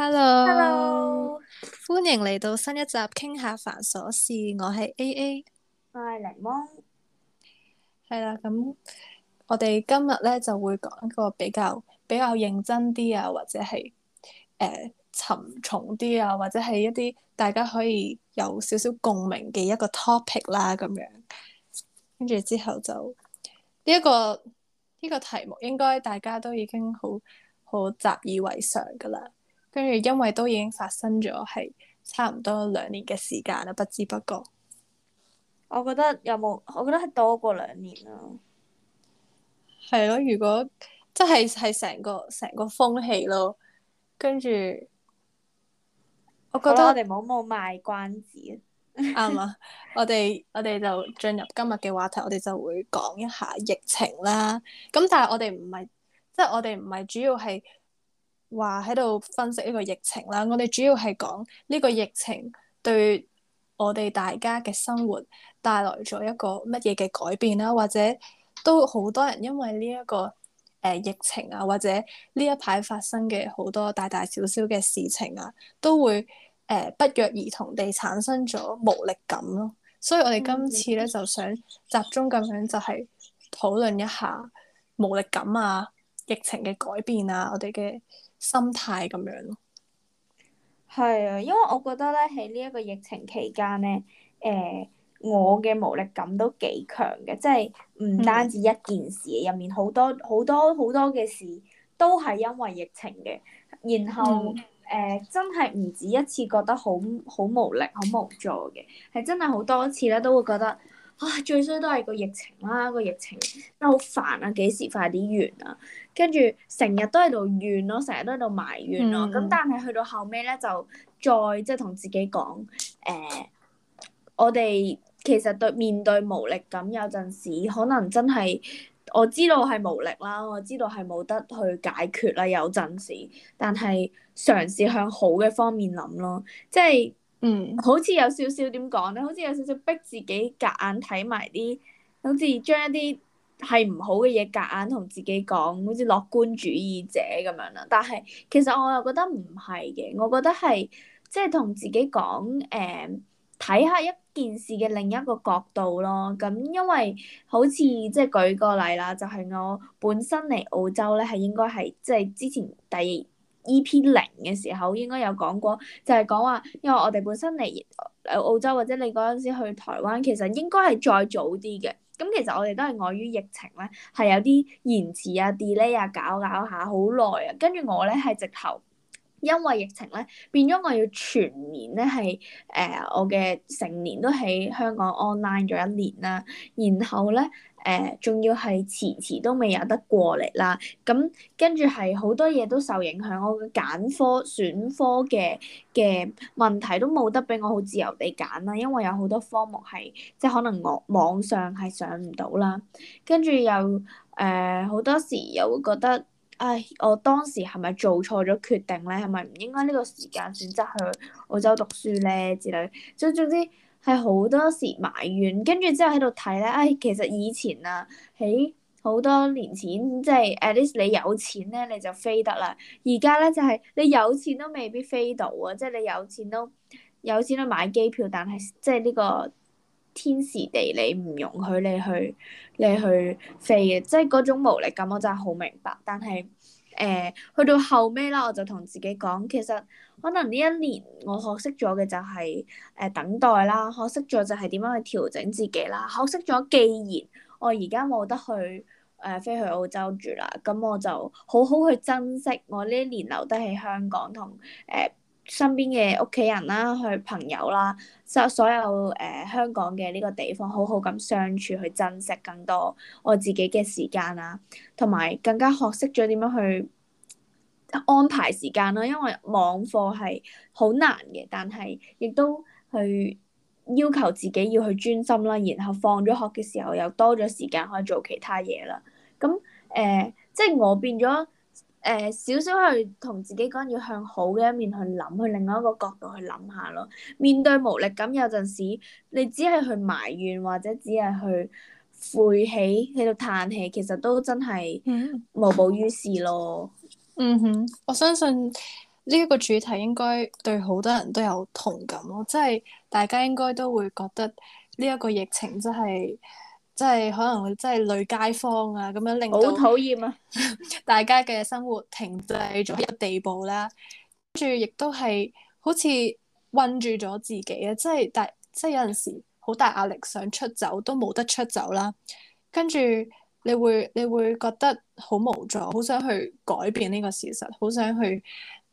Hello，Hello. 歡迎嚟到新一集，傾下繁瑣事。我係 AA，我係檸檬，係啦。咁我哋今日咧就會講一個比較比較認真啲啊，或者係誒、呃、沉重啲啊，或者係一啲大家可以有少少共鳴嘅一個 topic 啦，咁樣。跟住之後就呢一個呢個題目，這個這個、題目應該大家都已經好好習以為常噶啦。跟住，因為都已經發生咗，係差唔多兩年嘅時間啦，不知不覺有有。我覺得有冇？我覺得係多過兩年啦。係咯，如果即係係成個成個風氣咯，跟住。我覺得我哋冇冇賣關子。啱 啊 我哋我哋就進入今日嘅話題，我哋就會講一下疫情啦。咁但係我哋唔係，即係我哋唔係主要係。話喺度分析呢個疫情啦。我哋主要係講呢個疫情對我哋大家嘅生活帶來咗一個乜嘢嘅改變啦，或者都好多人因為呢、這、一個誒、呃、疫情啊，或者呢一排發生嘅好多大大小小嘅事情啊，都會誒、呃、不約而同地產生咗無力感咯。所以我哋今次咧、嗯、就想集中咁樣就係討論一下無力感啊、疫情嘅改變啊、我哋嘅。心態咁樣咯，係啊，因為我覺得咧喺呢一個疫情期間咧，誒、呃，我嘅無力感都幾強嘅，即係唔單止一件事，入、嗯、面好多好多好多嘅事都係因為疫情嘅，然後誒、嗯呃、真係唔止一次覺得好好無力、好無助嘅，係真係好多次咧都會覺得。啊！最衰都係個疫情啦，啊，個疫情真係好煩啊，幾時快啲完啊？跟住成日都喺度怨咯，成日都喺度埋怨咯。咁、嗯、但係去到後尾咧，就再即係同自己講，誒、呃，我哋其實對面對無力感有陣時可能真係我知道係無力啦，我知道係冇得去解決啦，有陣時，但係嘗試向好嘅方面諗咯，即係。嗯，好似有少少點講咧，好似有少少逼自己夾硬睇埋啲，好似將一啲係唔好嘅嘢夾硬同自己講，好似樂觀主義者咁樣啦。但係其實我又覺得唔係嘅，我覺得係即係同自己講，誒睇下一件事嘅另一個角度咯。咁因為好似即係舉個例啦，就係我本身嚟澳洲咧，係應該係即係之前第。E.P 零嘅時候應該有講過，就係講話，因為我哋本身嚟澳洲或者你嗰陣時去台灣，其實應該係再早啲嘅。咁其實我哋都係礙於疫情咧，係有啲延遲啊、delay 啊，搞搞下好耐啊。跟住我咧係直頭，因為疫情咧變咗我要全年咧係誒我嘅成年都喺香港 online 咗一年啦，然後咧。誒，仲要係遲遲都未有得過嚟啦，咁跟住係好多嘢都受影響，我嘅揀科、選科嘅嘅問題都冇得俾我好自由地揀啦，因為有好多科目係即係可能我網上係上唔到啦，跟住又誒好多時又會覺得，唉，我當時係咪做錯咗決定咧？係咪唔應該呢個時間選擇去澳洲讀書咧之類？總總之。係好多時埋怨，跟住之後喺度睇咧，唉、哎，其實以前啊，喺、哎、好多年前，即係 at least 你有錢咧，你就飛得啦。而家咧就係、是、你有錢都未必飛到啊，即係你有錢都有錢都買機票，但係即係呢個天時地利唔容許你去你去飛嘅，即係嗰種無力感，我真係好明白，但係。誒去到後尾啦，我就同自己講，其實可能呢一年我學識咗嘅就係誒等待啦，學識咗就係點樣去調整自己啦，學識咗既然我而家冇得去誒、呃、飛去澳洲住啦，咁我就好好去珍惜我呢一年留得喺香港同誒，呃身邊嘅屋企人啦，去朋友啦，即係所有誒、呃、香港嘅呢個地方，好好咁相處，去珍惜更多我自己嘅時間啊，同埋更加學識咗點樣去安排時間咯。因為網課係好難嘅，但係亦都去要求自己要去專心啦，然後放咗學嘅時候又多咗時間去做其他嘢啦。咁誒、呃，即係我變咗。誒少少去同自己講，要向好嘅一面去諗，去另外一個角度去諗下咯。面對無力感，有陣時你只係去埋怨，或者只係去晦氣喺度嘆氣，其實都真係無補於事咯。嗯哼，我相信呢一個主題應該對好多人都有同感咯，即係大家應該都會覺得呢一個疫情真係。即係可能會，即係累街坊啊，咁樣令到好討厭啊！ 大家嘅生活停滯咗呢個地步啦，跟住亦都係好似困住咗自己啊！即係大，即係有陣時好大壓力，想出走都冇得出走啦。跟住你會，你會覺得好無助，好想去改變呢個事實，好想去誒。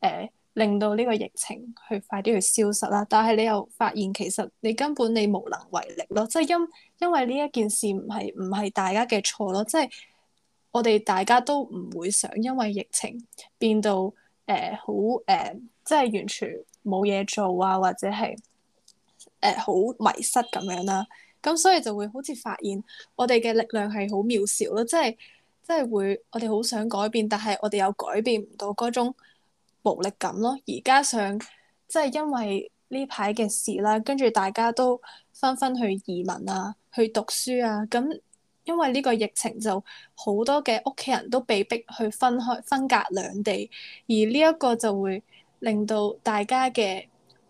呃令到呢個疫情去快啲去消失啦，但係你又發現其實你根本你無能為力咯，即係因因為呢一件事唔係唔係大家嘅錯咯，即係我哋大家都唔會想因為疫情變到誒好誒，即係完全冇嘢做啊，或者係誒好迷失咁樣啦，啊。咁所以就會好似發現我哋嘅力量係好渺小咯，即係即係會我哋好想改變，但係我哋又改變唔到嗰種。無力感咯，而加上即係因為呢排嘅事啦，跟住大家都紛紛去移民啊，去讀書啊，咁因為呢個疫情就好多嘅屋企人都被逼去分開分隔兩地，而呢一個就會令到大家嘅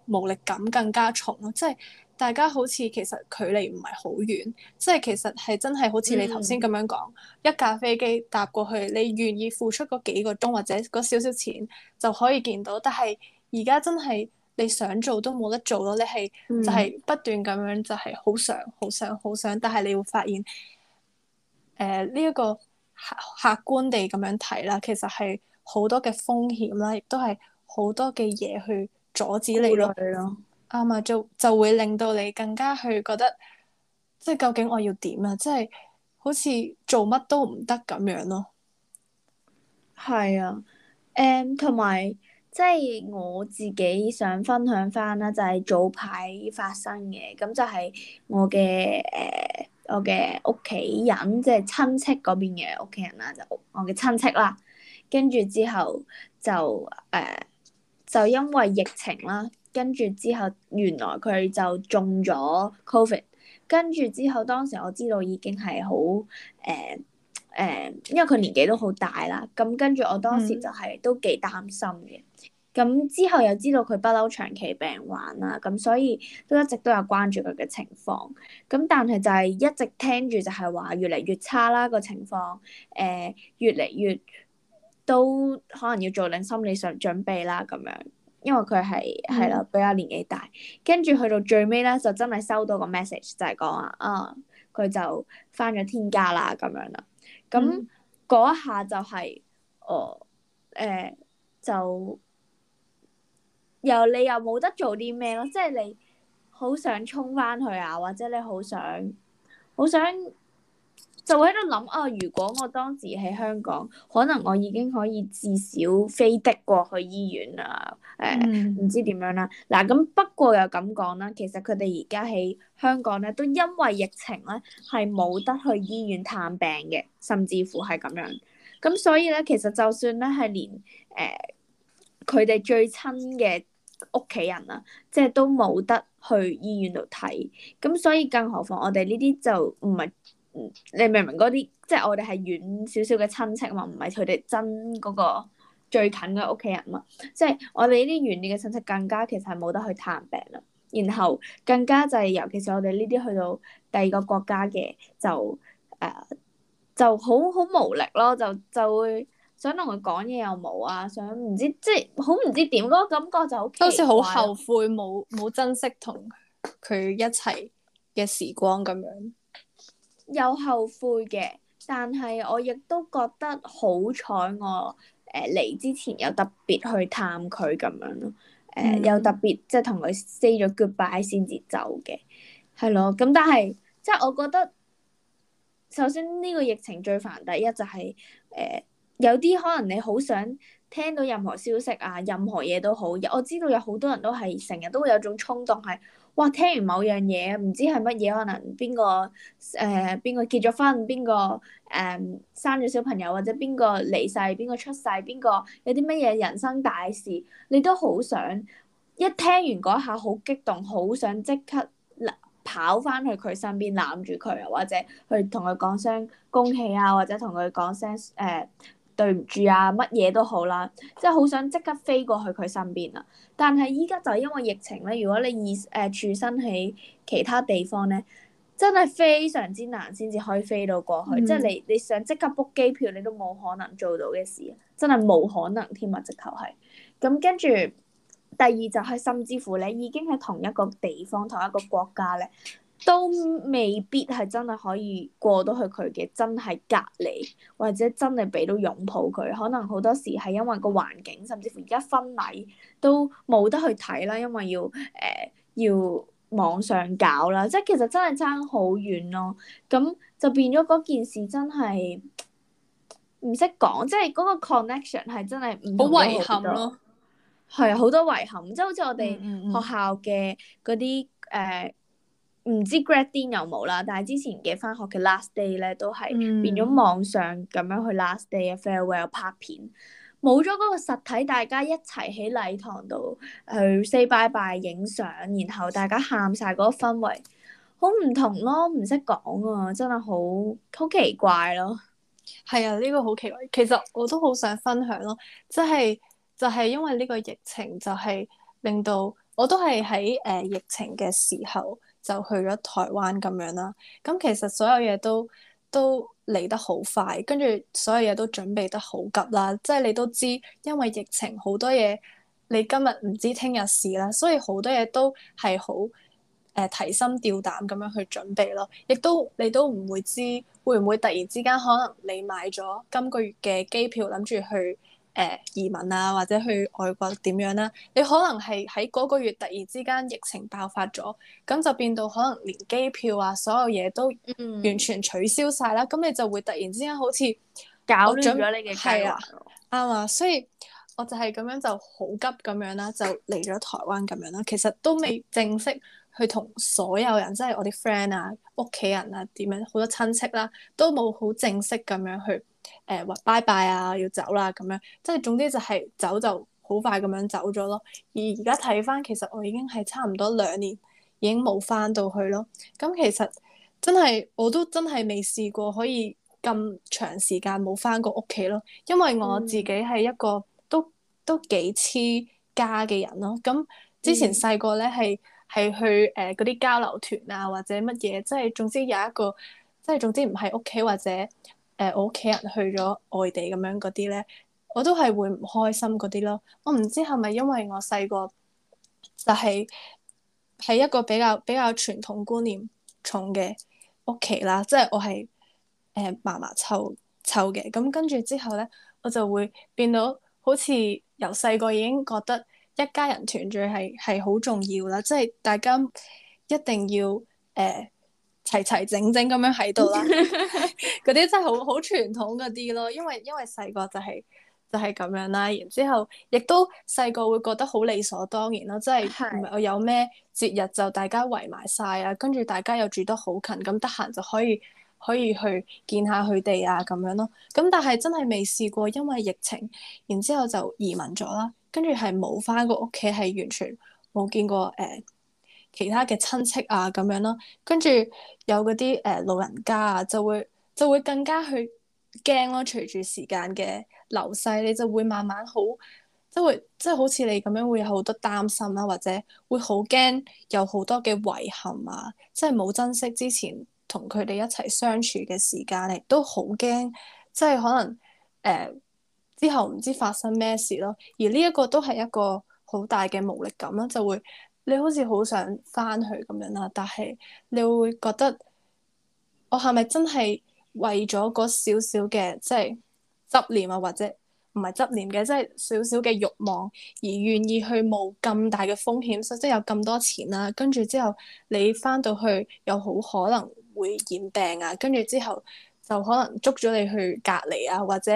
無力感更加重咯，即係。大家好似其實距離唔係好遠，即係其實係真係好似你頭先咁樣講，嗯、一架飛機搭過去，你願意付出嗰幾個鐘或者嗰少少錢就可以見到。但係而家真係你想做都冇得做咯，你係就係不斷咁樣就係好想、好想、好想、想，但係你會發現，誒呢一個客客觀地咁樣睇啦，其實係好多嘅風險啦，亦都係好多嘅嘢去阻止你咯。啱啊，就就會令到你更加去覺得，即係究竟我要點啊？即係好似做乜都唔得咁樣咯。係啊，嗯，同埋即係我自己想分享翻啦，呃，就係早排發生嘅，咁就係我嘅誒，我嘅屋企人，即係親戚嗰邊嘅屋企人啦，就係，我嘅親戚啦，跟住之後就誒、呃，就因為疫情啦。跟住之後，原來佢就中咗 Covid。跟住之後，當時我知道已經係好誒誒，因為佢年紀都好大啦。咁跟住我當時就係都幾擔心嘅。咁、嗯、之後又知道佢不嬲長期病患啦。咁所以都一直都有關注佢嘅情況。咁但係就係一直聽住就係話越嚟越差啦個情況。誒、呃、越嚟越都可能要做定心理上準備啦咁樣。因為佢係係啦，比較年紀大，跟住去到最尾咧，就真係收到個 message，就係講啊，啊，佢就翻咗天家啦咁樣啦。咁嗰、嗯、一下就係、是，哦、呃，誒、呃，就又你又冇得做啲咩咯，即、就、係、是、你好想衝翻去啊，或者你好想好想。就會喺度諗啊！如果我當時喺香港，可能我已經可以至少飛的過去醫院啦，呃 mm hmm. 啊。誒，唔知點樣啦。嗱咁不過又咁講啦，其實佢哋而家喺香港咧，都因為疫情咧係冇得去醫院探病嘅，甚至乎係咁樣。咁所以咧，其實就算咧係連誒佢哋最親嘅屋企人啦，即係都冇得去醫院度睇。咁所以更何況我哋呢啲就唔係。你明唔明嗰啲？即係我哋係遠少少嘅親戚嘛，唔係佢哋真嗰個最近嘅屋企人嘛。即係我哋呢啲遠啲嘅親戚，更加其實係冇得去探病啦。然後更加就係、是，尤其是我哋呢啲去到第二個國家嘅，就誒、呃、就好好無力咯。就就會想同佢講嘢又冇啊，想唔知即係好唔知點嗰個感覺就好，好似好後悔冇冇珍惜同佢一齊嘅時光咁樣。有後悔嘅，但係我亦都覺得好彩，我誒嚟之前有特別去探佢咁樣咯，誒、呃、又、嗯、特別即係同佢 say 咗 goodbye 先至走嘅，係咯，咁但係即係我覺得，首先呢個疫情最煩，第一就係、是、誒、呃、有啲可能你好想聽到任何消息啊，任何嘢都好，我知道有好多人都係成日都會有種衝動係。哇！聽完某樣嘢，唔知係乜嘢，可能邊個誒邊個結咗婚，邊個誒生咗小朋友，或者邊個離世，邊個出世，邊個有啲乜嘢人生大事，你都好想，一聽完嗰下好激動，好想即刻跑翻去佢身邊攬住佢，或者去同佢講聲恭喜啊，或者同佢講聲誒、呃對唔住啊，乜嘢都好啦，即係好想即刻飛過去佢身邊啊！但係依家就因為疫情咧，如果你以、呃處身喺其他地方咧，真係非常之難先至可以飛到過去。嗯、即係你你想即刻 book 機票，你都冇可能做到嘅事，真係冇可能添啊！直頭係咁。跟住，第二就係甚至乎你已經喺同一個地方、同一個國家咧。都未必係真係可以過到去佢嘅真係隔離，或者真係俾到擁抱佢。可能好多時係因為個環境，甚至乎而家婚禮都冇得去睇啦，因為要誒、呃、要網上搞啦。即係其實真係爭好遠咯。咁就變咗嗰件事真係唔識講，即係嗰個 connection 係真係唔好遺憾咯、啊，係好多遺憾，即係好似我哋學校嘅嗰啲誒。嗯嗯嗯呃唔知 graduation 有冇啦，但係之前嘅返學嘅 last day 咧，都係變咗網上咁樣去 last day 嘅 farewell 拍片，冇咗嗰個實體，大家一齊喺禮堂度去 say bye bye 影相，然後大家喊晒嗰個氛圍，好唔同咯，唔識講啊，真係好好奇怪咯。係啊，呢、這個好奇怪，其實我都好想分享咯，即係就係、是、因為呢個疫情，就係、是、令到我都係喺誒疫情嘅時候。就去咗台灣咁樣啦，咁其實所有嘢都都嚟得好快，跟住所有嘢都準備得好急啦，即係你都知，因為疫情好多嘢，你今日唔知聽日事啦，所以好多嘢都係好呃，提心吊膽咁樣去準備咯，亦都你都唔會知會唔會突然之間可能你買咗今個月嘅機票，諗住去。誒、呃、移民啊，或者去外國點樣啦、啊？你可能係喺嗰個月突然之間疫情爆發咗，咁就變到可能連機票啊，所有嘢都完全取消晒啦。咁、嗯、你就會突然之間好似搞亂了咗准你嘅計劃啊。啱啊。所以我就係咁樣就好急咁樣啦， 就嚟咗台灣咁樣啦。其實都未正式去同所有人， 即係我啲 friend 啊、屋企人啊、點樣好多親戚啦、啊，都冇好正式咁樣去。誒、或、呃、拜拜啊，要走啦、啊，咁樣，即係總之就係走就好快咁樣走咗咯。而而家睇翻，其實我已經係差唔多兩年，已經冇翻到去咯。咁其實真係我都真係未試過可以咁長時間冇翻過屋企咯。因為我自己係一個都、嗯、都幾黐家嘅人咯。咁之前細個咧，係係去誒嗰啲交流團啊或者乜嘢，即係總之有一個，即係總之唔係屋企或者。誒、呃、我屋企人去咗外地咁樣嗰啲咧，我都係會唔開心嗰啲咯。我唔知係咪因為我細個就係、係、係一個比較比較傳統觀念重嘅屋企啦，即係我係誒嫲嫲湊湊嘅。咁、呃、跟住之後咧，我就會變到好似由細個已經覺得一家人團聚係係好重要啦，即係大家一定要誒。呃齊齊整整咁樣喺度啦，嗰啲 真係好好傳統嗰啲咯，因為因為細個就係就係咁樣啦，然之後亦都細個會覺得好理所當然咯，即係係我有咩節日就大家圍埋晒啊，跟住大家又住得好近，咁得閒就可以可以去見下佢哋啊咁樣咯，咁但係真係未試過，因為疫情，然之後就移民咗啦，跟住係冇返個屋企，係完全冇見過誒。呃其他嘅親戚啊，咁樣咯，跟住有嗰啲誒老人家啊，就會就會更加去驚咯。隨住時間嘅流逝，你就會慢慢好，即係即係好似你咁樣會有好多擔心啦，或者會好驚有好多嘅遺憾啊，即係冇珍惜之前同佢哋一齊相處嘅時間，亦都好驚，即係可能誒之後唔知發生咩事咯。而呢一個都係一個好大嘅無力感啦，就會。你好似好想翻去咁樣啦，但係你會覺得我係咪真係為咗嗰少少嘅即係執念啊，或者唔係執念嘅，即係少少嘅慾望而願意去冒咁大嘅風險，所以即係有咁多錢啦。跟住之後你翻到去又好可能會染病啊，跟住之後就可能捉咗你去隔離啊，或者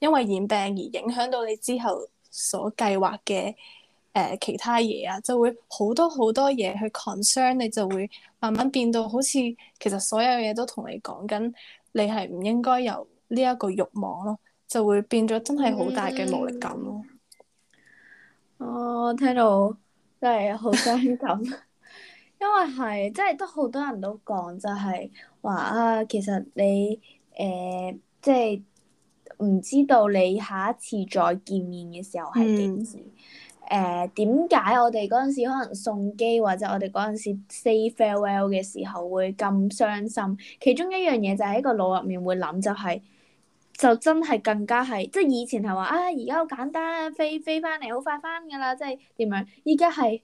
因為染病而影響到你之後所計劃嘅。誒、呃、其他嘢啊，就會好多好多嘢去 concern 你，就會慢慢變到好似其實所有嘢都同你講緊，你係唔應該有呢一個慾望咯、啊，就會變咗真係好大嘅無力感咯、啊。我、嗯哦、聽到真係好傷感， 因為係即係都好多人都講就係話啊，其實你誒、呃、即係唔知道你下一次再見面嘅時候係幾時。嗯誒，點解、呃、我哋嗰陣時可能送機或者我哋嗰陣時 say farewell 嘅時候會咁傷心？其中一樣嘢就喺個腦入面會諗就係、是，就真係更加係，即、就、係、是、以前係話啊，而家好簡單啊，飛飛翻嚟，好快翻噶啦，即係點樣？依家係。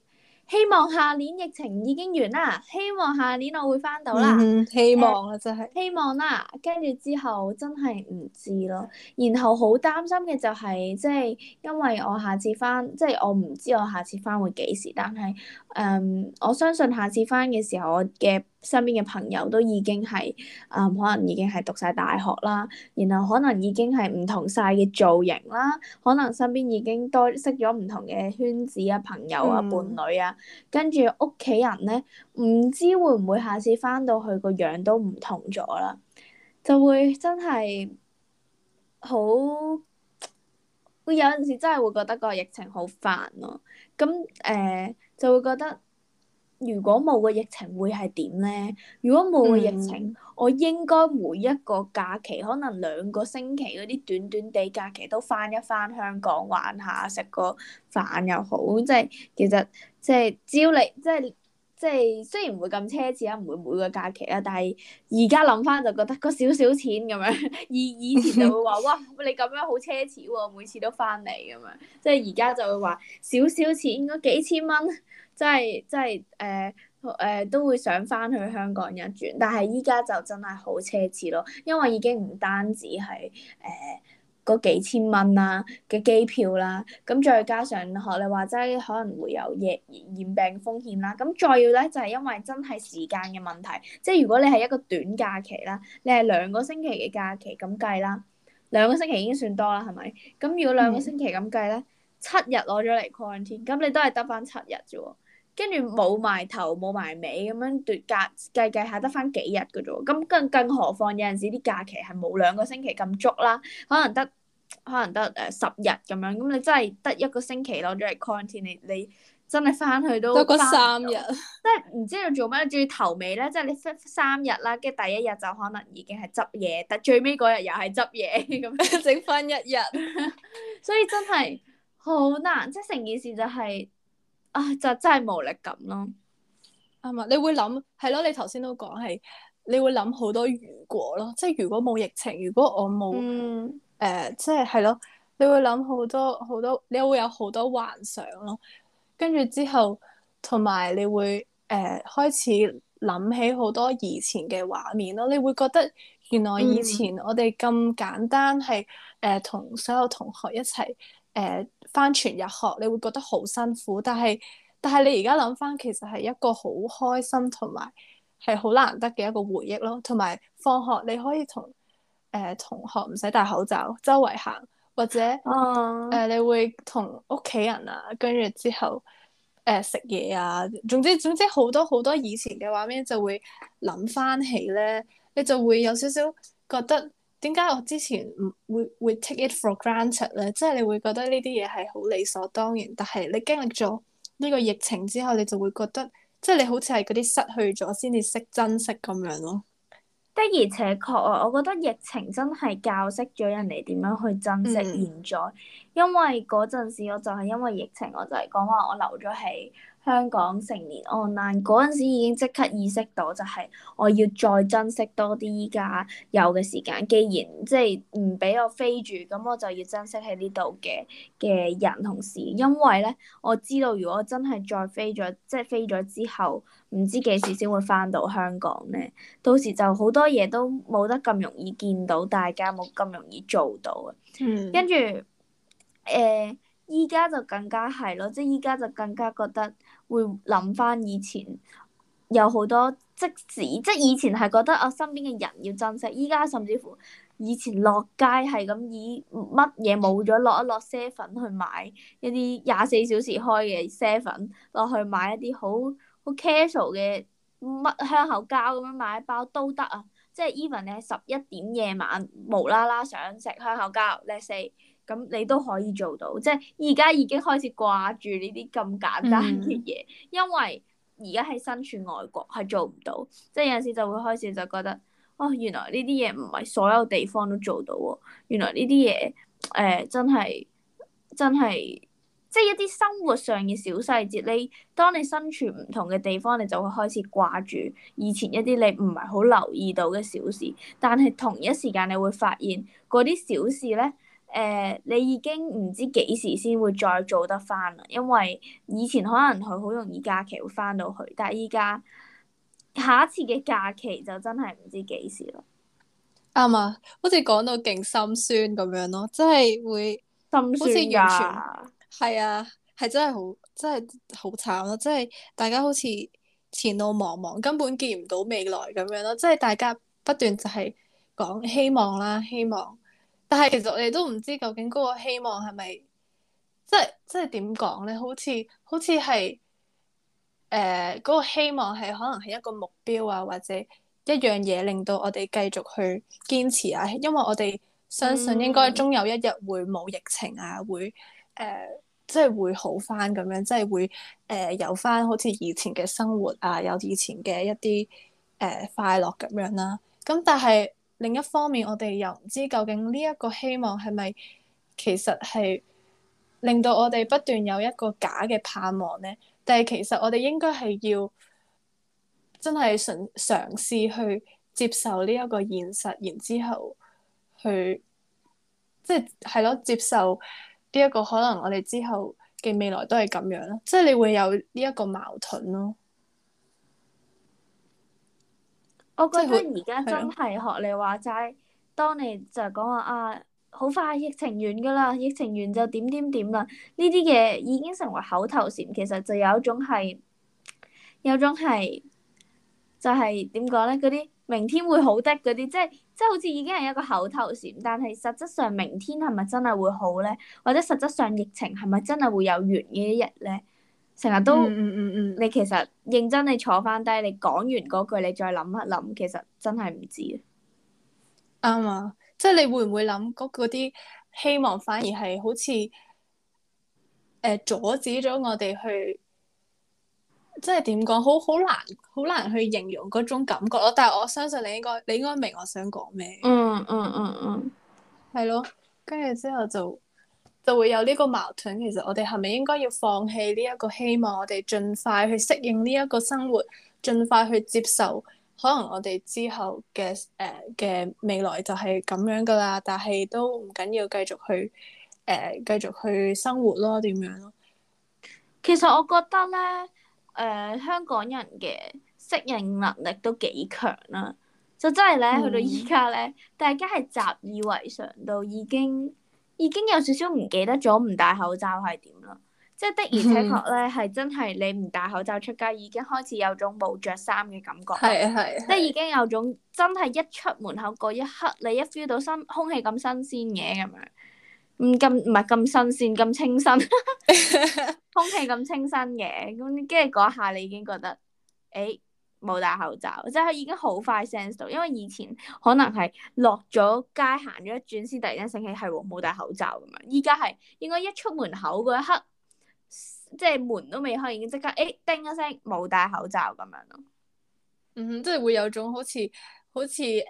希望下年疫情已經完啦，希望下年我會返到啦。嗯，希望啦真係。嗯就是、希望啦，跟住之後真係唔知咯。然後好擔心嘅就係、是，即係因為我下次返，即係我唔知我下次返會幾時。但係，誒、嗯，我相信下次返嘅時候我嘅。身邊嘅朋友都已經係，啊、嗯，可能已經係讀晒大學啦，然後可能已經係唔同晒嘅造型啦，可能身邊已經多識咗唔同嘅圈子啊、朋友啊、伴侶啊，跟住屋企人咧，唔知會唔會下次返到去個樣都唔同咗啦，就會真係好，會有陣時真係會覺得個疫情好煩咯、啊，咁誒、呃、就會覺得。如果冇個疫情會係點咧？如果冇個疫情，嗯、我應該每一個假期，可能兩個星期嗰啲短短地假期都翻一翻香港玩下，食個飯又好。即係其實即係只要你即係即係，雖然唔會咁奢侈啊，唔會每個假期啊，但係而家諗翻就覺得嗰少少錢咁樣，以以前就會話 哇，你咁樣好奢侈喎，每次都翻嚟咁樣，即係而家就會話少少錢應該幾千蚊。即係，即係，誒誒、呃呃、都會想翻去香港一轉，但係依家就真係好奢侈咯，因為已經唔單止係誒嗰幾千蚊啦嘅機票啦，咁再加上學你話齋可能會有染病風險啦，咁再要咧就係因為真係時間嘅問題，即係如果你係一個短假期啦，你係兩個星期嘅假期咁計啦，兩個星期已經算多啦，係咪？咁如果兩個星期咁計咧，嗯、七日攞咗嚟 quarantine 咁你都係得翻七日啫喎。跟住冇埋頭冇埋尾咁樣度假，計計下得翻幾日嘅啫喎，咁更更何況有陣時啲假期係冇兩個星期咁足啦，可能得可能得誒十日咁樣，咁你真係得一個星期攞咗嚟 quarantine，你你真係翻去都得嗰三日，即係唔知道要做咩，仲要頭尾咧，即係你分三日啦，跟住第一日就可能已經係執嘢，但最尾嗰日又係執嘢咁樣， 整翻一日， 所以真係好難，即係成件事就係。啊，就真係無力感咯，係嘛？你會諗，係咯？你頭先都講係，你會諗好多如果咯，即係如果冇疫情，如果我冇，誒、嗯呃，即係係咯，你會諗好多好多，你會有好多幻想咯，跟住之後，同埋你會誒、呃、開始諗起好多以前嘅畫面咯，你會覺得原來以前我哋咁簡單，係誒同所有同學一齊誒。呃返全日學，你會覺得好辛苦，但係但係你而家諗翻，其實係一個好開心同埋係好難得嘅一個回憶咯。同埋放學你可以同誒、呃、同學唔使戴口罩周圍行，或者誒、oh. 呃、你會同屋企人啊，跟住之後誒食嘢啊，總之總之好多好多以前嘅畫面就會諗翻起咧，你就會有少少覺得。點解我之前唔會會 take it for granted 咧？即係你會覺得呢啲嘢係好理所當然，但係你經歷咗呢個疫情之後，你就會覺得即係你好似係嗰啲失去咗先至識珍惜咁樣咯。的而且確啊！我覺得疫情真係教識咗人哋點樣去珍惜現在，嗯、因為嗰陣時我就係因為疫情，我就係講話我留咗喺香港成年 online 嗰陣時已經即刻意識到就係我要再珍惜多啲依家有嘅時間，既然即係唔俾我飛住，咁我就要珍惜喺呢度嘅嘅人同事，因為咧我知道如果真係再飛咗，即係飛咗之後唔知幾時先會返到香港咧，到時就好多嘢都冇得咁容易見到，大家冇咁容易做到啊。嗯，跟住誒，呃，依家就更加係咯，即係依家就更加覺得。會諗翻以前有好多，即使即以前係覺得我身邊嘅人要珍惜，依家甚至乎以前落街係咁以乜嘢，冇咗落一落啡粉去買一啲廿四小時開嘅啡粉，落去買一啲好好 casual 嘅乜香口膠咁樣，買一包都得啊！即係 even 你喺十一點夜晚無啦啦想食香口膠，你食。咁你都可以做到，即係而家已經開始掛住呢啲咁簡單嘅嘢，嗯、因為而家喺身處外國係做唔到，即係有陣時就會開始就覺得哦，原來呢啲嘢唔係所有地方都做到喎。原來呢啲嘢誒真係真係即係一啲生活上嘅小細節。你當你身處唔同嘅地方，你就會開始掛住以前一啲你唔係好留意到嘅小事，但係同一時間你會發現嗰啲小事咧。誒、呃，你已經唔知幾時先會再做得翻啦，因為以前可能佢好容易假期會翻到去，但係依家下一次嘅假期就真係唔知幾時啦。啱啊，好似講到勁心酸咁樣咯，即係會心酸噶，完全。係啊，係真係好，真係好慘咯，即係大家好似前路茫茫，根本見唔到未來咁樣咯，即係大家不斷就係講希望啦，希望。但係其實你都唔知究竟嗰個希望係咪，即係即係點講咧？好似好似係誒嗰個希望係可能係一個目標啊，或者一樣嘢令到我哋繼續去堅持啊，因為我哋相信應該終有一日會冇疫情啊，會誒、呃、即係會好翻，咁樣，即係會誒、呃、有翻好似以前嘅生活啊，有以前嘅一啲誒、呃、快樂咁樣啦、啊。咁但係。另一方面，我哋又唔知究竟呢一個希望係咪其實係令到我哋不斷有一個假嘅盼望呢，但係其實我哋應該係要真係嘗嘗試去接受呢一個現實，然之後去即係係咯，接受呢一個可能我哋之後嘅未來都係咁樣啦。即係你會有呢一個矛盾咯。我覺得而家真係學你話齋，的當你就講話啊，好快疫情完㗎啦，疫情完就點點點啦，呢啲嘢已經成為口頭禪，其實就有一種係，有種係，就係點講咧？嗰啲明天會好的嗰啲，即係即係好似已經係一個口頭禪，但係實質上明天係咪真係會好咧？或者實質上疫情係咪真係會有完嘅一日咧？成日都、嗯嗯嗯嗯，你其實認真，你坐翻低，你講完嗰句，你再諗一諗，其實真係唔知。啱啊，即係你會唔會諗嗰啲希望，反而係好似誒阻止咗我哋去，即係點講，好好難，好難去形容嗰種感覺咯。但係我相信你應該，你應該明我想講咩。嗯嗯嗯嗯，係、嗯、咯，跟住之後就。嗯嗯嗯就會有呢個矛盾。其實我哋係咪應該要放棄呢一個希望？我哋盡快去適應呢一個生活，盡快去接受。可能我哋之後嘅誒嘅未來就係咁樣噶啦。但係都唔緊要，繼續去誒繼、呃、續去生活咯。點樣咯？其實我覺得咧，誒、呃、香港人嘅適應能力都幾強啦。就真係咧，去到而家咧，嗯、大家係習以為常到已經。已經有少少唔記得咗，唔戴口罩係點啦？即係的而且確咧，係、嗯、真係你唔戴口罩出街，已經開始有種冇着衫嘅感覺。係係。即係已經有種真係一出門口嗰一刻，你一 feel 到新空氣咁新鮮嘅咁樣，唔咁唔係咁新鮮咁清新， 空氣咁清新嘅咁，跟住嗰下你已經覺得，誒、欸。冇戴口罩，即係已經好快 sense 到，因為以前可能係落咗街行咗一轉先，突然間醒起係冇戴口罩咁樣。依家係應該一出門口嗰一刻，即係門都未開，已經即刻誒叮一聲冇戴口罩咁樣咯。嗯哼，即係會有種好似好似誒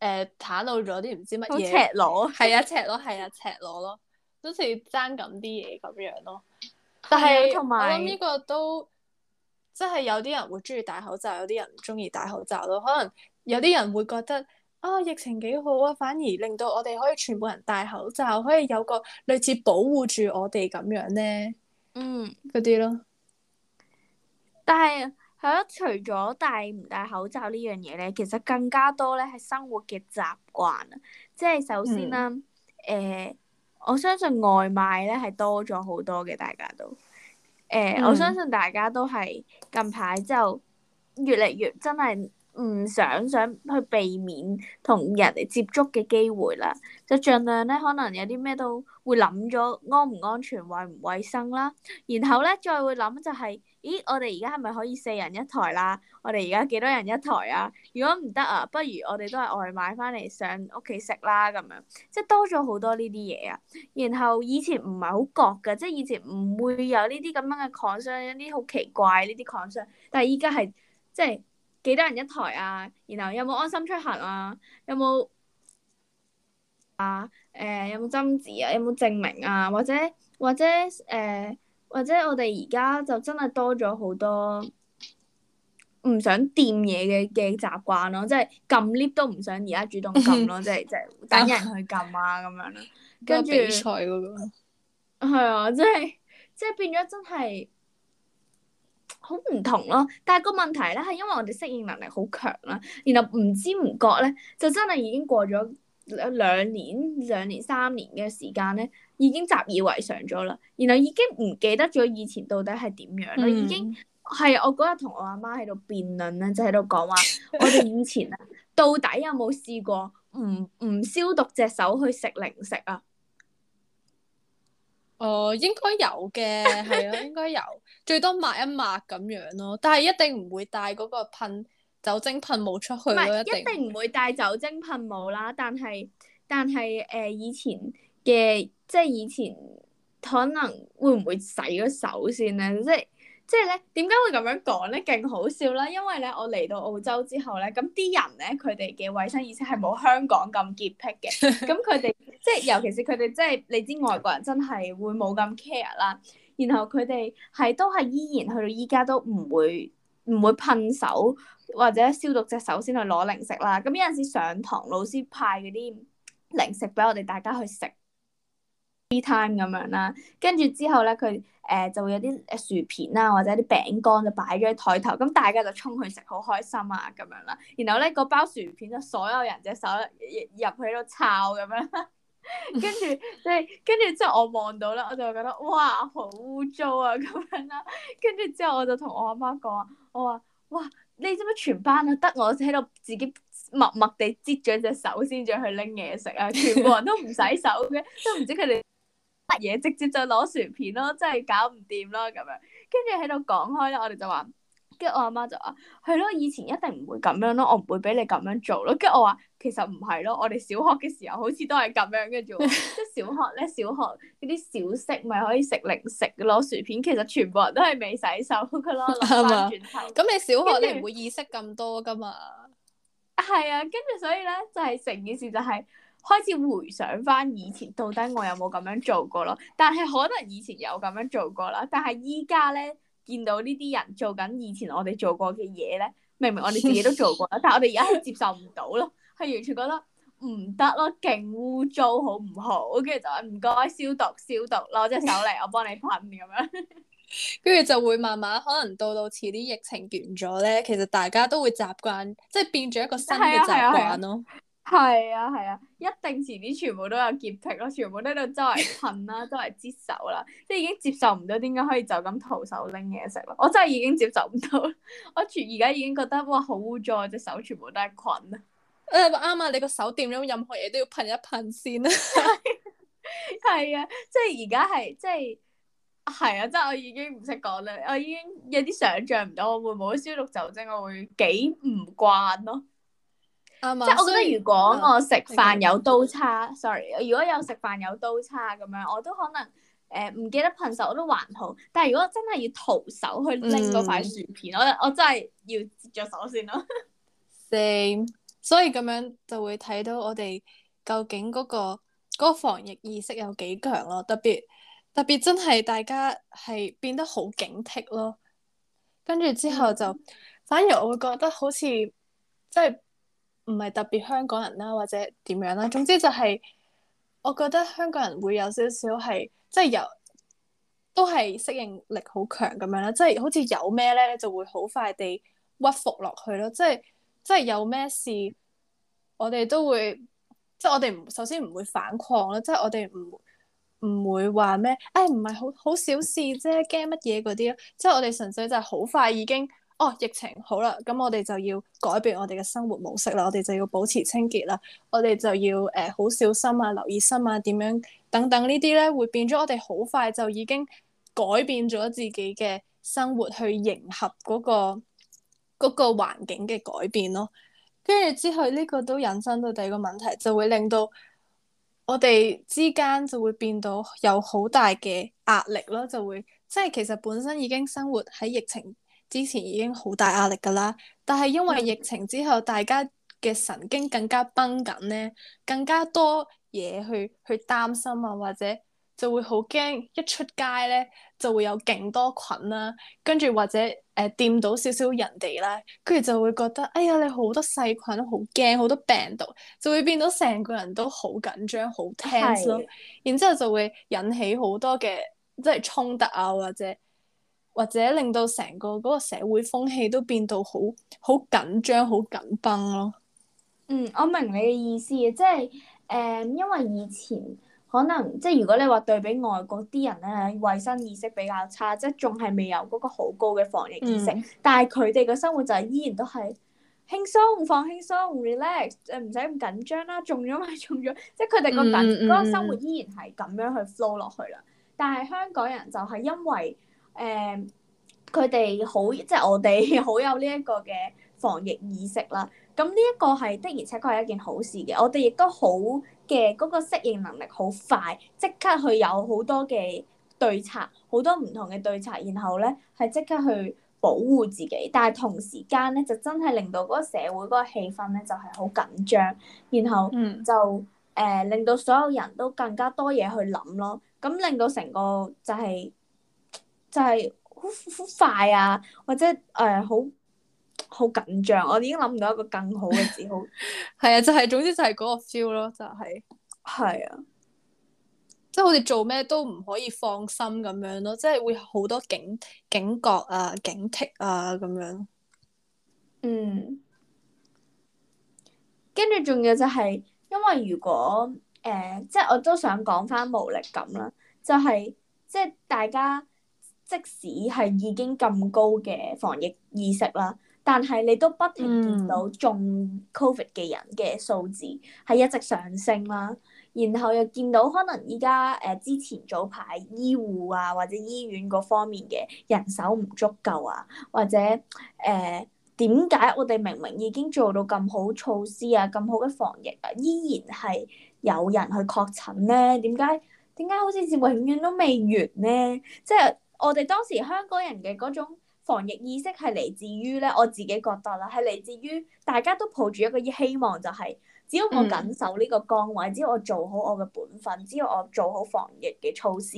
誒打漏咗啲唔知乜嘢赤裸，係啊赤裸，係啊赤裸咯，好似爭緊啲嘢咁樣咯。但係我諗呢個都。即係有啲人會中意戴口罩，有啲人唔中意戴口罩咯。可能有啲人會覺得啊、哦，疫情幾好啊，反而令到我哋可以全部人戴口罩，可以有個類似保護住我哋咁樣咧。嗯，嗰啲咯。但係，係咯，除咗戴唔戴口罩呢樣嘢咧，其實更加多咧係生活嘅習慣啊。即係首先啦，誒、嗯呃，我相信外賣咧係多咗好多嘅，大家都。誒、呃，我相信大家都係近排就越嚟越真係唔想想去避免同人哋接觸嘅機會啦，就盡量咧可能有啲咩都會諗咗安唔安全、衛唔衛生啦，然後咧再會諗就係、是。咦，我哋而家係咪可以四人一台啦？我哋而家幾多人一台啊？如果唔得啊，不如我哋都係外賣翻嚟上屋企食啦咁樣，即係多咗好多呢啲嘢啊。然後以前唔係好覺噶，即係以前唔會有呢啲咁樣嘅廠商，有啲好奇怪呢啲廠商。但係依家係即係幾多人一台啊？然後有冇安心出行啊？有冇啊？誒、呃，有冇針紙啊？有冇證明啊？或者或者誒？呃或者我哋而家就真係多咗好多唔想掂嘢嘅嘅習慣咯，即係撳 lift 都唔想而家主動撳咯， 即係即係等人去撳啊，咁樣啦。跟住，係啊，即係即係變咗真係好唔同咯。但係個問題咧，係因為我哋適應能力好強啦，然後唔知唔覺咧，就真係已經過咗。兩年、兩年、三年嘅時間咧，已經習以為常咗啦。然後已經唔記得咗以前到底係點樣啦。嗯、已經係我嗰日同我阿媽喺度辯論咧，就喺度講話， 我哋以前啊，到底有冇試過唔唔消毒隻手去食零食啊？哦、呃，應該有嘅，係啊，應該有， 最多抹一抹咁樣咯。但係一定唔會帶嗰個噴酒精噴霧出去，唔係一定唔會，唔會帶酒精噴霧啦。但係但係誒、呃，以前嘅即係以前可能會唔會洗咗手先咧？即係即係咧，點解會咁樣講咧？勁好笑啦，因為咧，我嚟到澳洲之後咧，咁啲人咧，佢哋嘅衞生意識係冇香港咁潔癖嘅。咁佢哋即係尤其是佢哋，即係你知外國人真係會冇咁 care 啦。然後佢哋係都係依然去到依家都唔會唔會噴手。或者消毒隻手先去攞零食啦。咁有陣時上堂老師派嗰啲零食俾我哋大家去食 tea time 咁樣啦。跟住之後咧，佢誒、呃、就會有啲薯片啦，或者啲餅乾就擺咗喺台頭，咁大家就衝去食，好開心啊咁樣啦。然後咧嗰包薯片就所有人隻手入去喺度摷咁樣，跟住即係跟住之後我望到咧，我就覺得哇好污糟啊咁樣啦。跟住之後我就同我阿媽講，我話哇～哇你知唔知全班啊？得我喺度自己默默地摺咗隻手先至去拎嘢食啊！全部人都唔洗手嘅，都唔知佢哋乜嘢，直接就攞薯片咯，真係搞唔掂咯咁樣。跟住喺度講開啦，我哋就話，跟住我阿媽就話：係咯，以前一定唔會咁樣咯，我唔會俾你咁樣做咯。跟住我話。其實唔係咯，我哋小學嘅時候好似都係咁樣嘅啫，即係 小學咧，小學呢啲小食咪可以食零食咯，薯片其實全部人都係未洗手嘅咯，咁 吧 你小學你唔會意識咁多噶嘛？係 啊，跟住所以咧就係成件事就係開始回想翻，以前到底我有冇咁樣做過咯。但係可能以前有咁樣做過啦，但係依家咧見到呢啲人做緊以前我哋做過嘅嘢咧，明明明我哋自己都做過啦， 但係我哋而家係接受唔到咯。 佢完全覺得唔得咯，勁污糟，好唔好？跟住就話唔該消毒消毒，攞隻手嚟，我幫你噴咁樣。跟住 就會慢慢可能到到遲啲疫情完咗咧，其實大家都會習慣，即係變咗一個新嘅習慣咯。係啊係啊，啊，啊，啊，一定遲啲全部都有潔癖咯，全部都喺度周圍噴啦，周圍接手啦，即係已經接受唔到點解可以就咁徒手拎嘢食啦？我真係已經接受唔到，我而家已經覺得哇好污糟啊！隻手全部都係菌啊～誒，啱啊！你個手掂咗，任何嘢都要噴一噴先啦。係 啊樂，即係而家係，即係係啊！即、就、係、是、我已經唔識講啦，我已經有啲想象唔到，我會冇消毒酒精，我會幾唔慣咯。啱啊！即 係樂我覺得如果我食飯有刀叉、嗯、嗎，sorry，如果有食飯有刀叉咁樣，我都可能誒唔、呃、記得噴手，我都還好。但係如果真係要徒手去拎嗰塊薯片，我、嗯、我真係要截着手先咯。Same。所以咁樣就會睇到我哋究竟嗰個嗰個防疫意識有幾強咯，特別特別真係大家係變得好警惕咯，跟住之後就反而我會覺得好似即係唔係特別香港人啦，或者點樣啦，總之就係我覺得香港人會有少少係即係有都係適應力好強咁樣啦，即係好似有咩咧就會好快地屈服落去咯，即係。即係有咩事，我哋都會，即係我哋唔首先唔會反抗啦，即係我哋唔唔會話咩，誒唔係好好小事啫，驚乜嘢嗰啲咯，即係我哋純粹就係好快已經，哦疫情好啦，咁我哋就要改變我哋嘅生活模式啦，我哋就要保持清潔啦，我哋就要誒好、呃、小心啊，留意心啊，點樣等等呢啲咧，會變咗我哋好快就已經改變咗自己嘅生活去迎合嗰個。嗰個環境嘅改變咯，跟住之後呢個都引申到第二個問題，就會令到我哋之間就會變到有好大嘅壓力咯，就會即係其實本身已經生活喺疫情之前已經好大壓力噶啦，但係因為疫情之後，嗯、大家嘅神經更加繃緊咧，更加多嘢去去擔心啊或者。就會好驚，一出街咧就會有勁多菌啦，跟住或者誒掂、呃、到少少人哋啦，跟住就會覺得，哎呀，你好多細菌，好驚，好多病毒，就會變到成個人都好緊張好 tense 咯，的然之後就會引起好多嘅即係衝突啊，或者或者令到成個嗰個社會風氣都變到好好緊張好緊崩咯。嗯，我明你嘅意思，即係誒，因為以前。可能即係如果你話對比外國啲人咧，衞生意識比較差，即係仲係未有嗰個好高嘅防疫意識，嗯、但係佢哋嘅生活就係依然都係輕鬆放輕鬆 relax，誒唔使咁緊張啦，中咗咪中咗，即係佢哋個緊嗰生活依然係咁、嗯、樣去 flow 落去啦。但係香港人就係因為誒佢哋好，即係我哋好有呢一個嘅防疫意識啦。咁呢一個係的而且確係一件好事嘅，我哋亦都好。嘅嗰個適應能力好快，即刻去有好多嘅對策，好多唔同嘅對策，然後咧係即刻去保護自己，但係同時間咧就真係令到嗰個社會嗰個氣氛咧就係好緊張，然後就誒、嗯呃、令到所有人都更加多嘢去諗咯，咁令到成個就係、是、就係、是、好快啊，或者誒好。呃好緊張，我已經諗唔到一個更好嘅字，好係 啊，就係、是，總之就係嗰個 feel 咯，就係、是、係啊，即、就、係、是、好似做咩都唔可以放心咁樣咯，即係會好多警警覺啊、警惕啊咁樣。嗯，跟住仲要就係、是，因為如果誒、呃，即係我都想講翻無力感啦，就係、是、即係大家即使係已經咁高嘅防疫意識啦。但係你都不停見到中 COVID 嘅人嘅數字係、嗯、一直上升啦、啊，然後又見到可能依家誒之前早排醫護啊或者醫院嗰方面嘅人手唔足夠啊，或者誒點解我哋明明已經做到咁好措施啊，咁好嘅防疫啊，依然係有人去確診咧？點解點解好似是永遠都未完咧？即、就、係、是、我哋當時香港人嘅嗰種。防疫意識係嚟自於咧，我自己覺得啦，係嚟自於大家都抱住一個希望，就係，就係只要我緊守呢個崗位，只要我做好我嘅本分，只要我做好防疫嘅措施，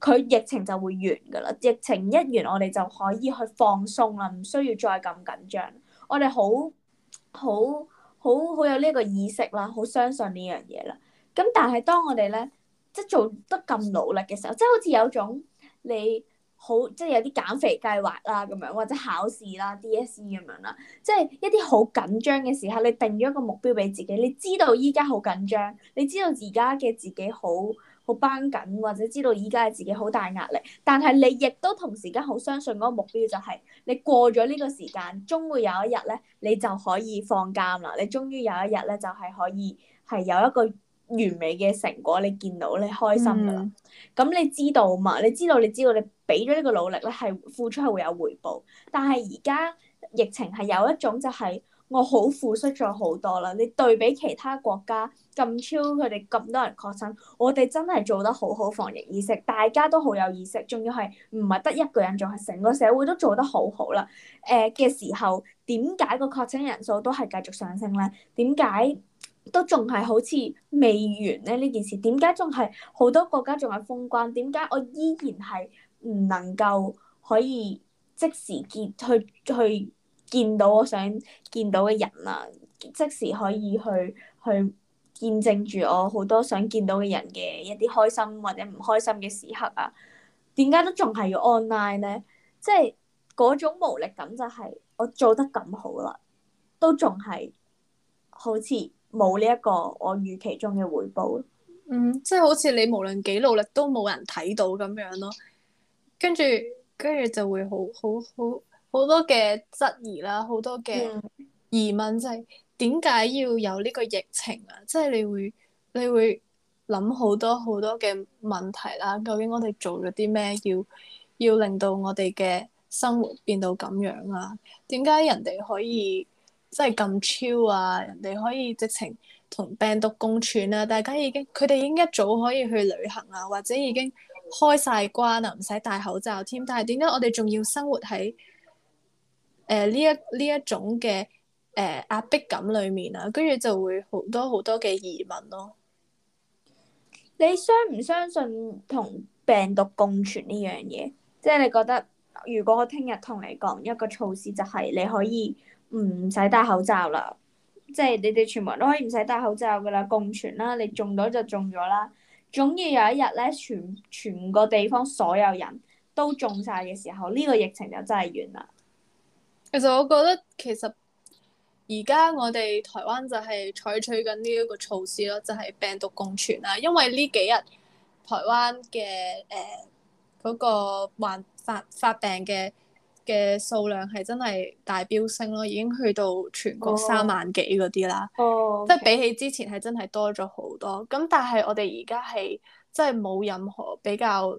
佢疫情就會完㗎啦。疫情一完，我哋就可以去放鬆啦，唔需要再咁緊張。我哋好好好好有呢個意識啦，好相信呢樣嘢啦。咁但係當我哋咧即係做得咁努力嘅時候，即係好似有種你。好即係有啲減肥計劃啦，咁樣或者考試啦，DSE 咁樣啦，即係一啲好緊張嘅時候，你定咗一個目標俾自己，你知道依家好緊張，你知道而家嘅自己好好繃緊，或者知道依家嘅自己好大壓力，但係你亦都同時間好相信嗰個目標、就是，就係你過咗呢個時間，終會有一日咧，你就可以放監啦，你終於有一日咧就係、是、可以係有一個。完美嘅成果，你見到你開心噶啦。咁、嗯、你知道嘛？你知道，你知道你俾咗呢個努力咧，係付出係會有回報。但係而家疫情係有一種就係、是、我好付出咗好多啦。你對比其他國家咁超佢哋咁多人確診，我哋真係做得好好防疫意識，大家都好有意識，仲要係唔係得一個人，做，係成個社會都做得好好啦。誒、呃、嘅時候點解個確診人數都係繼續上升咧？點解？都仲係好似未完咧呢件事，點解仲係好多國家仲係封關？點解我依然係唔能夠可以即時見去去見到我想見到嘅人啊？即時可以去去見證住我好多想見到嘅人嘅一啲開心或者唔開心嘅時刻啊？點解都仲係要 online 咧？即係嗰種無力感就係我做得咁好啦，都仲係好似。冇呢一個我預期中嘅回報，嗯，即係好似你無論幾努力，都冇人睇到咁樣咯。跟住，跟住就會好好好好多嘅質疑啦，好多嘅疑問就係點解要有呢個疫情啊？即係你會你會諗好多好多嘅問題啦，究竟我哋做咗啲咩要要令到我哋嘅生活變到咁樣啊？點解人哋可以？即係咁超啊！人哋可以直情同病毒共存啦、啊。大家已經佢哋已經一早可以去旅行啊，或者已經開晒關啦，唔使戴口罩添。但係點解我哋仲要生活喺誒呢一呢一種嘅誒、呃、壓迫感裡面啊？跟住就會好多好多嘅疑問咯、啊。你相唔相信同病毒共存呢樣嘢？即係你覺得如果我聽日同你講一個措施，就係你可以。唔使戴口罩啦，即係你哋全部人都可以唔使戴口罩噶啦，共存啦，你中咗就中咗啦。總要有一日咧，全全個地方所有人都中晒嘅時候，呢個疫情就真係完啦。其實我覺得其實而家我哋台灣就係採取緊呢一個措施咯，就係病毒共存啦。因為呢幾日台灣嘅誒嗰個患發發病嘅。嘅數量係真係大飆升咯，已經去到全國三萬幾嗰啲啦，oh, okay. 即係比起之前係真係多咗好多。咁但係我哋而家係即係冇任何比較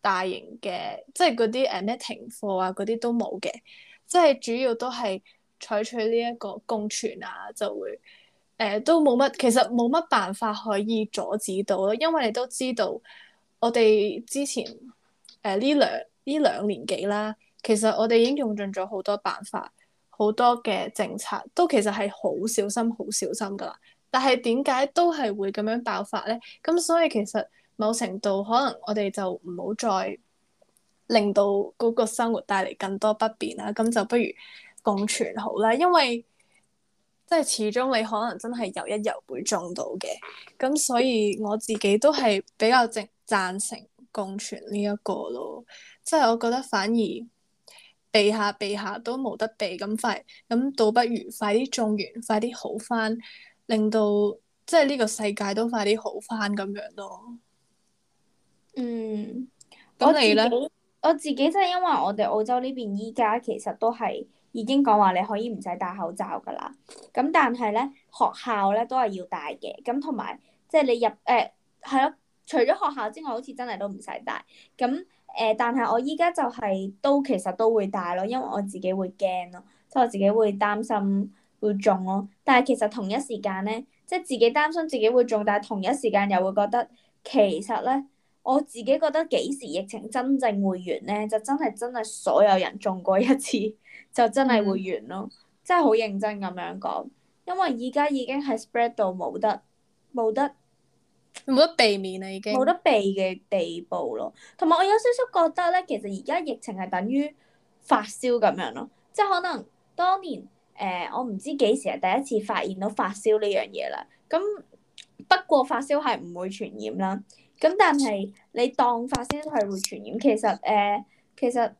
大型嘅，即係嗰啲誒咩停貨啊嗰啲都冇嘅，即係主要都係採取呢一個共存啊，就會誒、呃、都冇乜。其實冇乜辦法可以阻止到咯，因為你都知道我哋之前誒呢、呃、兩呢兩年幾啦。其實我哋已經用盡咗好多辦法，好多嘅政策都其實係好小心、好小心噶啦。但係點解都係會咁樣爆發呢？咁所以其實某程度可能我哋就唔好再令到嗰個生活帶嚟更多不便啦。咁就不如共存好啦，因為即係始終你可能真係有一日會中到嘅。咁所以我自己都係比較正贊成共存呢一個咯，即係我覺得反而。避下避下都冇得避，咁快咁倒不如快啲種完，快啲好翻，令到即係呢個世界都快啲好翻咁樣咯，哦。嗯、咁、嗯、你咧？我自己真係因為我哋澳洲呢邊依家其實都係已經講話你可以唔使戴口罩噶啦，咁但係咧學校咧都係要戴嘅，咁同埋即係你入誒係咯，除咗學校之外，好似真係都唔使戴咁。誒、呃，但係我依家就係都其實都會戴咯，因為我自己會驚咯，即係我自己會擔心會中咯。但係其實同一時間呢，即係自己擔心自己會中，但係同一時間又會覺得其實呢，我自己覺得幾時疫情真正會完呢，就真係真係所有人中過一次就真係會完咯，嗯、真係好認真咁樣講，因為而家已經係 spread 到冇得冇得。冇得避免啦，已經冇得避嘅地步咯。同埋我有少少覺得咧，其實而家疫情係等於發燒咁樣咯，即係可能當年誒、呃，我唔知幾時係第一次發現到發燒呢樣嘢啦。咁不過發燒係唔會傳染啦。咁但係你當發燒係會傳染，其實誒、呃，其實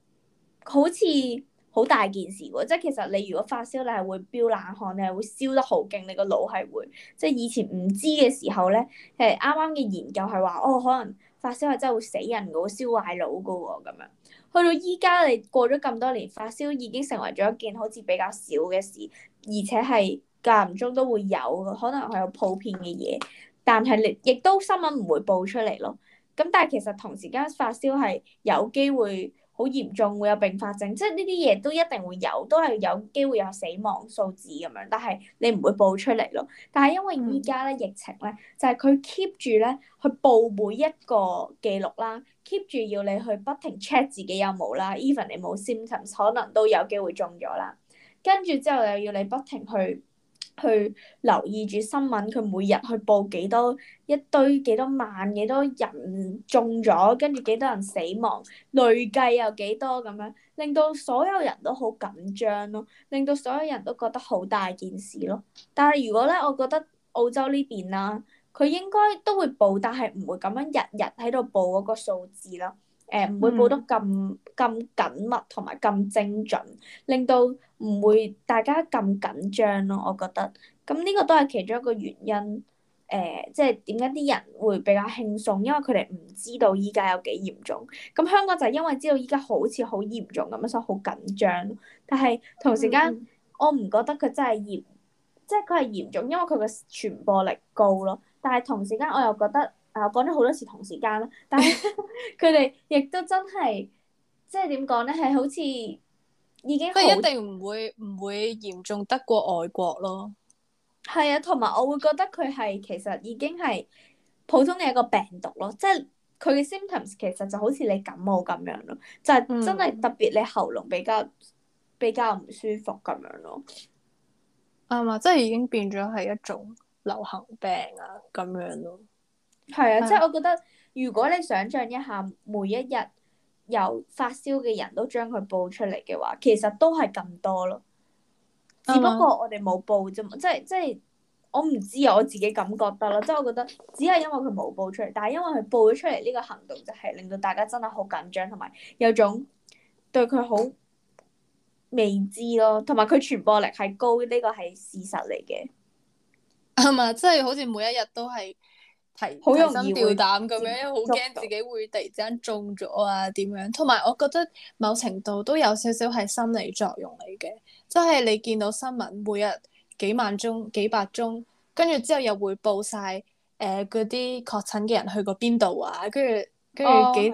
好似。好大件事喎！即係其實你如果發燒，你係會飆冷汗，你係會燒得好勁，你個腦係會即係以前唔知嘅時候咧，誒啱啱嘅研究係話哦，可能發燒係真係會死人嘅，會燒壞腦嘅喎咁樣。去到依家你過咗咁多年，發燒已經成為咗一件好似比較少嘅事，而且係間唔中都會有，可能係有普遍嘅嘢，但係你亦都新聞唔會報出嚟咯。咁但係其實同時間發燒係有機會。好嚴重會有併發症，即係呢啲嘢都一定會有，都係有機會有死亡數字咁樣，但係你唔會報出嚟咯。但係因為依家咧疫情咧，就係佢 keep 住咧去報每一個記錄啦，keep 住要你去不停 check 自己有冇啦，even 你冇 symptoms 可能都有機會中咗啦。跟住之後又要你不停去。去留意住新聞，佢每日去報幾多一堆幾多萬幾多人中咗，跟住幾多人死亡，累計又幾多咁樣，令到所有人都好緊張咯，令到所有人都覺得好大件事咯。但係如果咧，我覺得澳洲呢邊啦，佢應該都會報，但係唔會咁樣日日喺度報嗰個數字咯，誒唔、呃、會報得咁咁緊密同埋咁精準，令到唔會大家咁緊張咯，我覺得。咁呢個都係其中一個原因，誒、呃，即係點解啲人會比較輕鬆，因為佢哋唔知道依家有幾嚴重。咁香港就因為知道依家好似好嚴重咁，所以好緊張。但係同時間，我唔覺得佢真係嚴，嗯、即係佢係嚴重，因為佢嘅傳播力高咯。但係同時間，我又覺得。我講咗好多次同時間啦，但係佢哋亦都真係，即係點講咧？係好似已經即一定唔會唔會嚴重得過外國咯。係啊，同埋我會覺得佢係其實已經係普通嘅一個病毒咯，即係佢嘅 symptoms 其實就好似你感冒咁樣，就係嗯、樣咯，就係真係特別你喉嚨比較比較唔舒服咁樣咯。啱、嗯、啊，即係已經變咗係一種流行病啊，咁樣咯。係啊，即係我覺得，如果你想象一下，每一日有發燒嘅人都將佢報出嚟嘅話，其實都係咁多咯。只不過我哋冇報啫嘛、uh huh.，即係即係我唔知啊，我自己咁覺得咯。即係我覺得只係因為佢冇報出嚟，但係因為佢報咗出嚟呢、這個行動，就係令到大家真係好緊張，同埋有，有種對佢好未知咯。同埋佢傳播力係高，呢、這個係事實嚟嘅。係嘛、uh，huh. 即係好似每一日都係。係，提心吊膽咁樣，因為好驚自己會突然之間中咗啊？點樣？同埋我覺得某程度都有少少係心理作用嚟嘅，即係你見到新聞，每日幾萬宗、幾百宗，跟住之後又會報晒誒嗰啲確診嘅人去過邊度啊？跟住跟住幾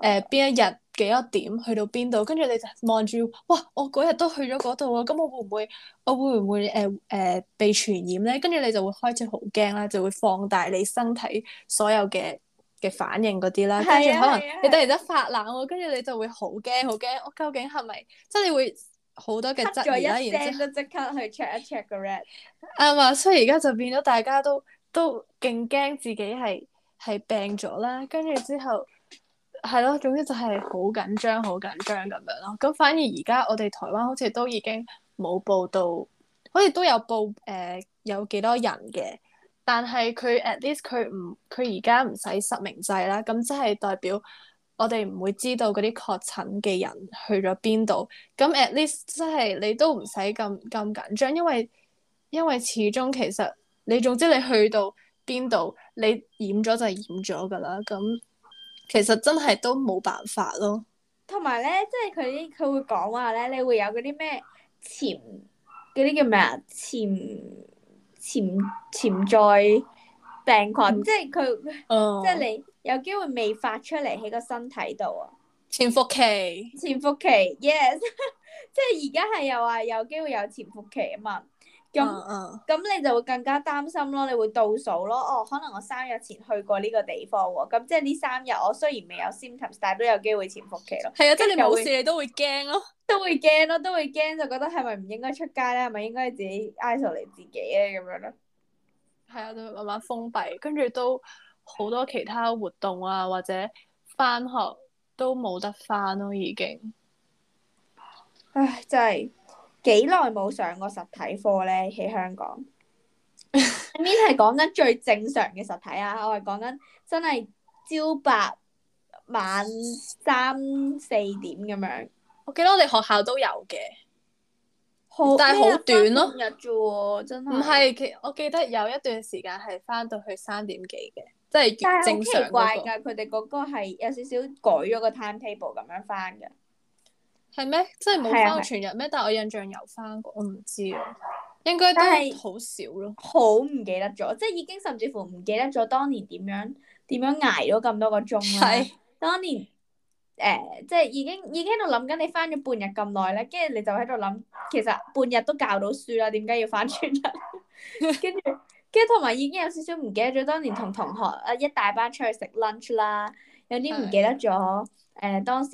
誒邊一日？幾多點去到邊度？跟住你就望住，哇！我嗰日都去咗嗰度啊，咁我會唔會？我會唔會誒誒、呃呃、被傳染咧？跟住你就會開始好驚啦，就會放大你身體所有嘅嘅反應嗰啲啦。跟住可能你突然間發冷，跟住你就會好驚好驚。我究竟係咪？即係你會好多嘅質疑啦。一即 刻去 check 一 check 個 RAT。啱啊、 嗯，所以而家就變咗大家都都勁驚自己係係病咗啦，跟住之後。係咯，總之就係好緊張，好緊張咁樣咯。咁反而而家我哋台灣好似都已經冇報到，好似都有報誒、呃、有幾多人嘅。但係佢 at least 佢唔佢而家唔使實名制啦。咁即係代表我哋唔會知道嗰啲確診嘅人去咗邊度。咁 at least 即係你都唔使咁咁緊張，因為因為始終其實你總之你去到邊度，你染咗就係染咗噶啦。咁。其實真係都冇辦法咯，同埋咧，即係佢啲佢會講話咧，你會有嗰啲咩潛嗰啲叫咩啊？潛潛潛在病菌，即係佢，即係、oh. 你有機會未發出嚟喺個身體度啊，潛伏期，潛伏期，yes， 即係而家係又話有機會有潛伏期啊嘛。咁咁那、uh, uh. 你就會更加擔心咯，你會倒數咯。哦，可能我三日前去過呢個地方喎，咁、嗯、即係呢三日我雖然未有 symptoms，但係都有機會潛伏期咯。係啊，即係你冇事都會你都會驚咯，都會驚咯，都會驚就覺得係咪唔應該出街咧？係咪應該自己 isolate 自己咧？咁樣咯？係啊，都慢慢封閉，跟住都好多其他活動啊，或者翻學都冇得翻咯，已經。唉，真係。幾耐冇上過實體課咧？喺香港呢 mean 係講緊最正常嘅實體啊！我係講緊真係朝八晚三四點咁樣。我記得我哋學校都有嘅，好但係好短咯、啊，日啫、啊、真係。唔係，其我記得有一段時間係翻到去三點幾嘅，即係正常。但係好奇怪噶，佢哋嗰個係有少少改咗個 time table 咁樣翻嘅。係咩？真係冇翻過全日咩？是是但係我印象有翻過，我唔知啊，應該都好少咯。好唔記得咗，即係已經甚至乎唔記得咗當年點樣點樣挨咗咁多個鐘啦。係是當年誒、呃，即係已經已經喺度諗緊，你翻咗半日咁耐咧，跟住你就喺度諗，其實半日都教到書啦，點解要翻全日？跟住跟住，同埋已經有少少唔記得咗當年同同學啊，一大班出去食 lunch 啦。有啲唔記得咗，誒的、呃、當時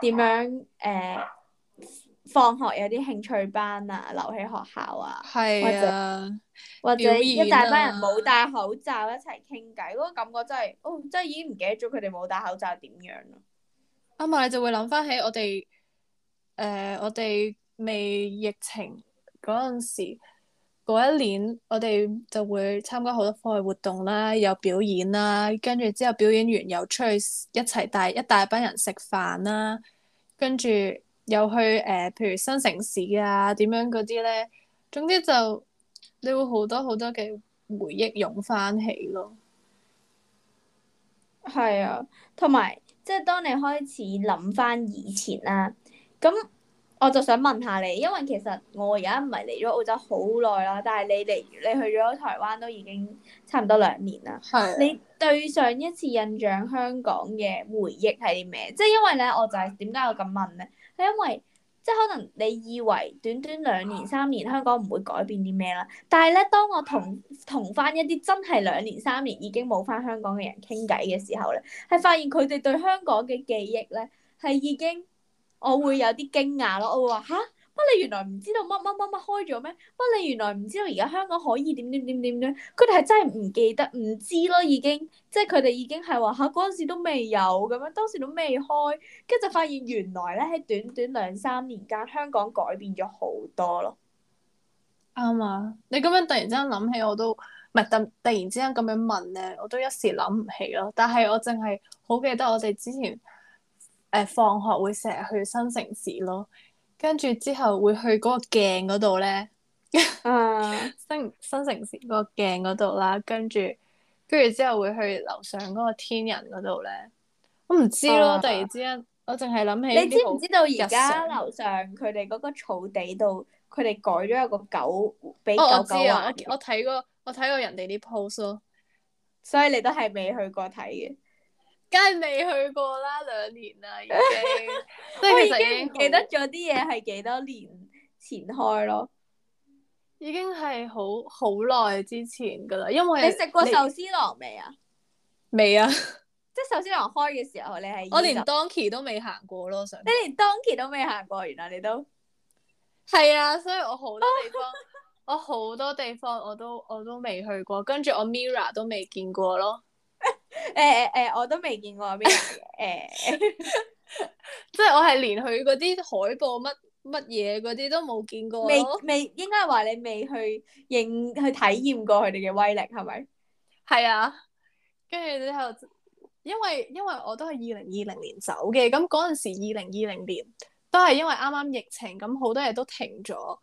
點樣誒、呃、放學有啲興趣班啊，留喺學校啊，的或者、啊、或者一大班人冇戴口罩一齊傾偈，嗰、嗰個感覺真係，哦，真係已經唔記得咗佢哋冇戴口罩點樣咯。啱啊，你就會諗返起我哋，誒、呃、我哋未疫情嗰陣時。嗰一年我哋就會參加好多課外活動啦，有表演啦，跟住之後表演完又出去一齊帶一大班人食飯啦，跟住又去誒、呃，譬如新城市啊點樣嗰啲咧，總之就你會好多好多嘅回憶湧翻起咯。係啊，同埋即係當你開始諗翻以前啦，咁。我就想問下你，因為其實我而家唔係嚟咗澳洲好耐啦，但係你嚟你去咗台灣都已經差唔多兩年啦。係。你對上一次印象香港嘅回憶係啲咩？即係因為咧，我就係點解我咁問咧？係因為即係可能你以為短短兩年三年香港唔會改變啲咩啦，但係咧，當我同同翻一啲真係兩年三年已經冇翻香港嘅人傾偈嘅時候咧，係發現佢哋對香港嘅記憶咧係已經。我會有啲驚訝咯，我會話嚇，乜你原來唔知道乜乜乜乜開咗咩？乜你原來唔知道而家香港可以點點點點點？佢哋係真係唔記得唔知咯，已經即係佢哋已經係話嚇嗰陣時都未有咁樣，當時都未開，跟住就發現原來咧喺短短兩三年間，香港改變咗好多咯。啱啊！你咁樣突然之間諗起我都，唔係突突然之間咁樣問咧，我都一時諗唔起咯。但係我淨係好記得我哋之前。誒，放學會成日去新城市咯，跟住之後會去嗰個鏡嗰度咧，啊、 新新城市嗰個鏡嗰度啦，跟住跟住之後會去樓上嗰個天人嗰度咧。我唔知咯，啊、突然之間我，我淨係諗起。你知唔知道而家樓上佢哋嗰個草地度，佢哋改咗一個狗、哦，俾狗狗玩。我睇過，我睇過人哋啲 post 咯，所以你都係未去過睇嘅？梗係未去過啦，兩年啦已經， 我已經唔記得咗啲嘢係幾多年前開咯， 已經係好好耐之前噶啦。因為你食過壽司郎未啊？未啊！即係壽司郎開嘅時候，你係我連 Donkey 都未行過咯，想你連 Donkey 都未行過，原來你都係 啊！所以我好多地方， 我好多地方我都我都未去過，跟住我 Mirror 都未見過咯。誒誒誒，我都未見過邊，誒，即係我係連佢嗰啲海報乜乜嘢嗰啲都冇見過未，未未應該係話你未去認去體驗過佢哋嘅威力係咪？係 啊，跟住之後，因為因為我都係二零二零年走嘅，咁嗰陣時二零二零年都係因為啱啱疫情，咁好多嘢都停咗，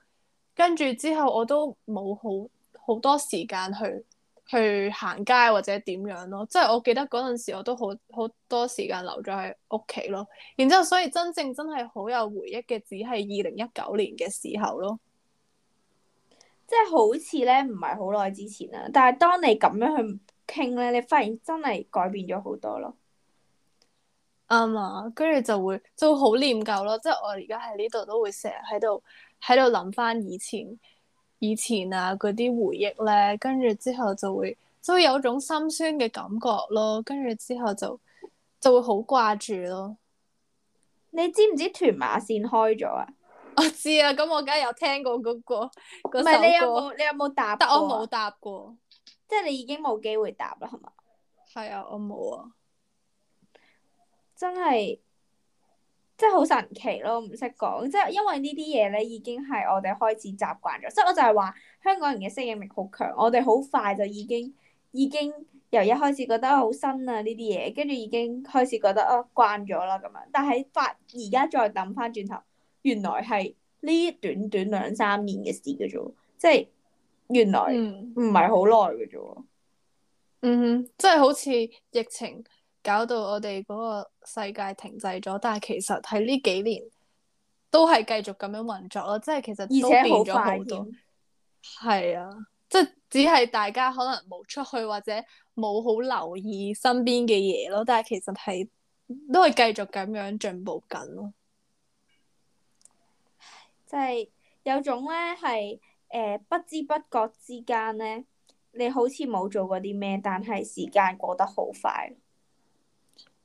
跟住之後我都冇好好多時間去。去行街或者點樣咯，即係我記得嗰陣時我都好好多時間留咗喺屋企咯，然之後所以真正真係好有回憶嘅，只係二零一九年嘅時候咯，即係好似咧唔係好耐之前啦，但係當你咁樣去傾咧，你發現真係改變咗好多咯，啱啊，嗯，跟住就會就會好念舊咯，即係我而家喺呢度都會成日喺度喺度諗翻以前。以前啊，嗰啲回憶咧，跟住之後就會就會有種心酸嘅感覺咯，跟住之後就就會好掛住咯。你知唔知屯馬線開咗啊？我知啊，咁我梗係有聽過嗰個嗰首歌。唔係你有冇？你有冇答？但我冇答過，即係你已經冇機會答啦，係嘛？係啊，我冇啊，真係。真係好神奇咯，唔識講，即係因為呢啲嘢咧已經係我哋開始習慣咗，即係我就係話香港人嘅適應力好強，我哋好快就已經已經由一開始覺得好新啊呢啲嘢，跟住已經開始覺得哦，慣咗啦咁樣，但係發而家再諗返轉頭，原來係呢短短兩三年嘅事嘅啫，即係原來唔係好耐嘅啫，嗯哼，即係好似疫情。搞到我哋嗰個世界停滯咗，但係其實喺呢幾年都係繼續咁樣運作咯。即係其實都變咗好多而且好快啲，係啊，即係只係大家可能冇出去或者冇好留意身邊嘅嘢咯。但係其實係都係繼續咁樣進步緊咯。即係有種咧，係誒、呃、不知不覺之間咧，你好似冇做過啲咩，但係時間過得好快。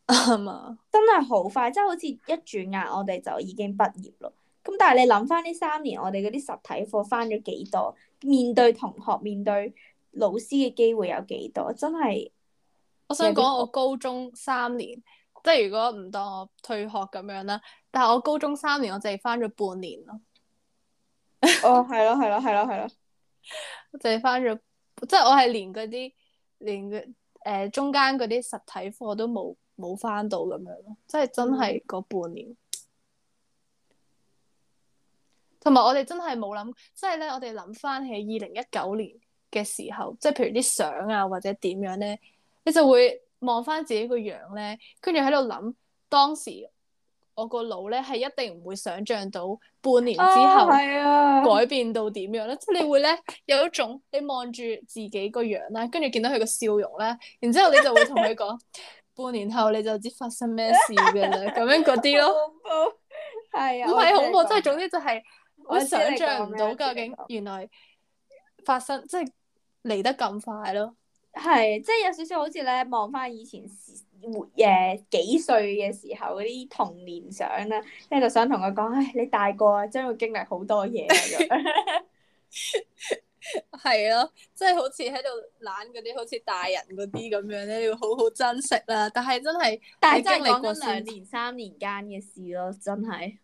嗯、啊嘛，真係好快，即係好似一轉眼，我哋就已經畢業咯。咁但係你諗返呢三年，我哋嗰啲實體課返咗幾多？面對同學、面對老師嘅機會有幾多？真係，我想講我高中三年，即係如果唔當我退學咁樣啦。但係我高中三年，我淨係返咗半年咯。 哦，係咯，係咯，係咯，係咯，淨係返咗， 即係我係連嗰啲，連個誒、呃、中間嗰啲實體課都冇。冇翻到咁樣，即係真係嗰半年。同埋、嗯、我哋真係冇諗，即係咧，我哋諗翻起二零一九年嘅時候，即係譬如啲相啊，或者點樣咧，你就會望翻自己個樣咧，跟住喺度諗當時我個腦咧係一定唔會想象到半年之後改變到點樣咧，即係、啊啊、你會咧有一種你望住自己個樣咧，跟住見到佢個笑容咧，然之後你就會同佢講。 半年後你就知發生咩事㗎喇，咁 樣嗰啲咯，係啊，唔係恐怖，即係總之就係我，我想象唔到究竟原來發生 即係嚟得咁快咯。係， 即、就、係、是、有少少好似咧望翻以前活誒幾歲嘅時候嗰啲童年相啦，咧就是、想同佢講，唉、哎，你大個啊，將要經歷好多嘢啊。 係咯， 即係好似喺度懶嗰啲，好似大人嗰啲咁樣咧，你要好好珍惜啦。但係真係，但係真係講兩年三年間嘅事咯，真係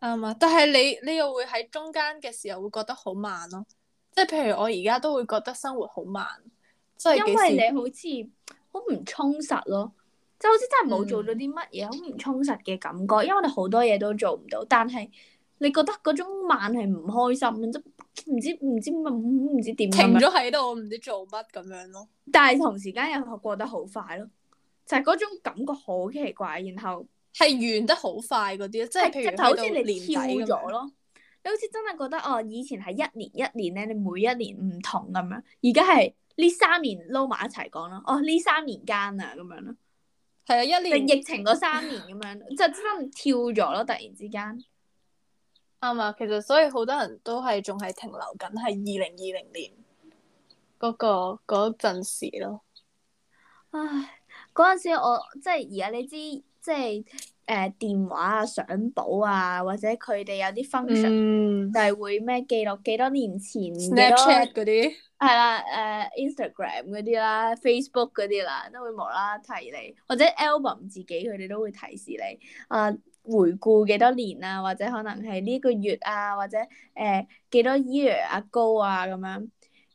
啱啊。但係 你你又會喺中間嘅時候會覺得好慢咯、啊，即係譬如我而家都會覺得生活好慢，因為你好似好唔充實咯，即係好似真係冇做咗啲乜嘢，好唔充實嘅感覺，嗯、因為我哋好多嘢都做唔到，但係。你覺得嗰種慢係唔開心，唔知唔知唔知點停咗喺度，我唔知做乜咁樣咯。但係同時間又過得好快咯，就係、是、嗰種感覺好奇怪，然後係完得好快嗰啲咯，即係譬如好似你年老咗咯，你好似真係覺得哦，以前係一年一年咧，你每一年唔同咁樣，而家係呢三年撈埋一齊講咯。哦，呢三年間啊，咁樣咯，係啊，一年疫情嗰三年咁樣， 就真係跳咗咯，突然之間。啱啊，其實所以好多人都係仲係停留緊係二零二零年嗰、嗰個嗰陣時咯。唉，嗰陣時我即係而家你知，即係誒、呃、電話啊、相簿啊，或者佢哋有啲 function、嗯、就係會咩記錄幾多年前 Snapchat 嗰啲，係啦些，誒、呃、Instagram 嗰啲啦、Facebook 嗰啲啦，都會無啦啦提你，或者 album 自己佢哋都會提示你啊。呃回顧幾多年啊，或者可能係呢個月啊，或者誒幾、呃、多 year ago 啊咁樣，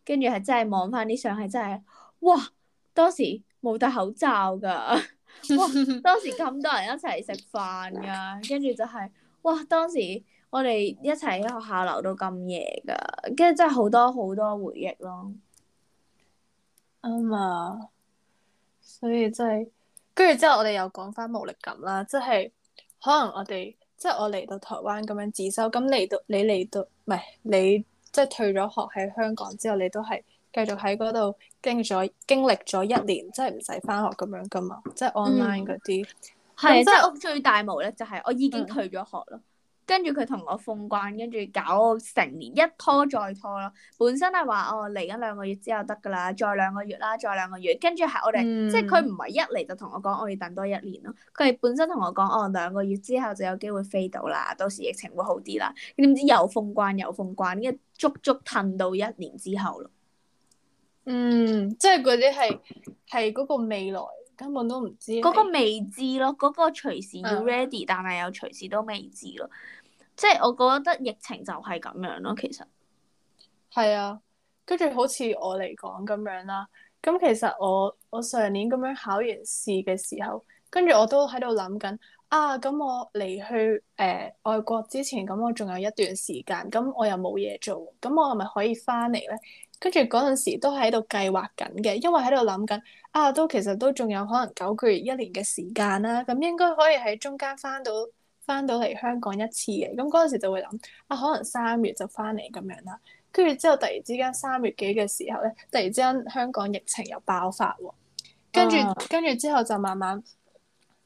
跟住係真係望翻啲相，係真係哇，當時冇戴口罩噶，哇，當時咁多人一齊食飯噶，跟住就係、是、哇，當時我哋一齊喺學校留到咁夜噶，跟住真係好多好多回憶咯。啱啊，所以真、就、係、是，跟住之後我哋又講翻無力感啦，即係。可能我哋即係我嚟到台灣，咁樣自修，咁嚟到你嚟到唔係你即係退咗學喺香港之後，你都係繼續喺嗰度經咗經歷咗一年，即係唔使返學咁樣噶嘛，即係 online 嗰啲。係即係我最大無咧，就係我已經退咗學囉。嗯跟住佢同我封關，跟住搞我成年一拖再拖咯。本身係話哦嚟緊兩個月之後得噶啦，再兩個月啦，再兩個月。跟住係我哋，嗯、即係佢唔係一嚟就同我講我要等多一年咯。佢係本身同我講哦，兩個月之後就有機會飛到啦，到時疫情會好啲啦。點知又封關又封關，跟住足足褪到一年之後咯。嗯，即係嗰啲係係嗰個未來根本都唔知嗰個未知咯，嗰、嗰個隨時要 ready，、嗯、但係又隨時都未知咯。即係我覺得疫情就係咁樣咯、啊，其實係啊，跟住好似我嚟講咁樣啦。咁其實我我上年咁樣考完試嘅時候，跟住我都喺度諗緊啊。咁我嚟去誒、呃、外國之前，咁我仲有一段時間，咁我又冇嘢做，咁我係咪可以翻嚟咧？跟住嗰陣時都喺度計劃緊嘅，因為喺度諗緊啊，都其實都仲有可能九個月、一年嘅時間啦、啊。咁應該可以喺中間翻到。翻到嚟香港一次嘅，咁嗰陣時就會諗啊，可能三月就翻嚟咁樣啦。跟住之後，突然之間三月幾嘅時候咧，突然之間香港疫情又爆發喎。跟住跟住之後就慢慢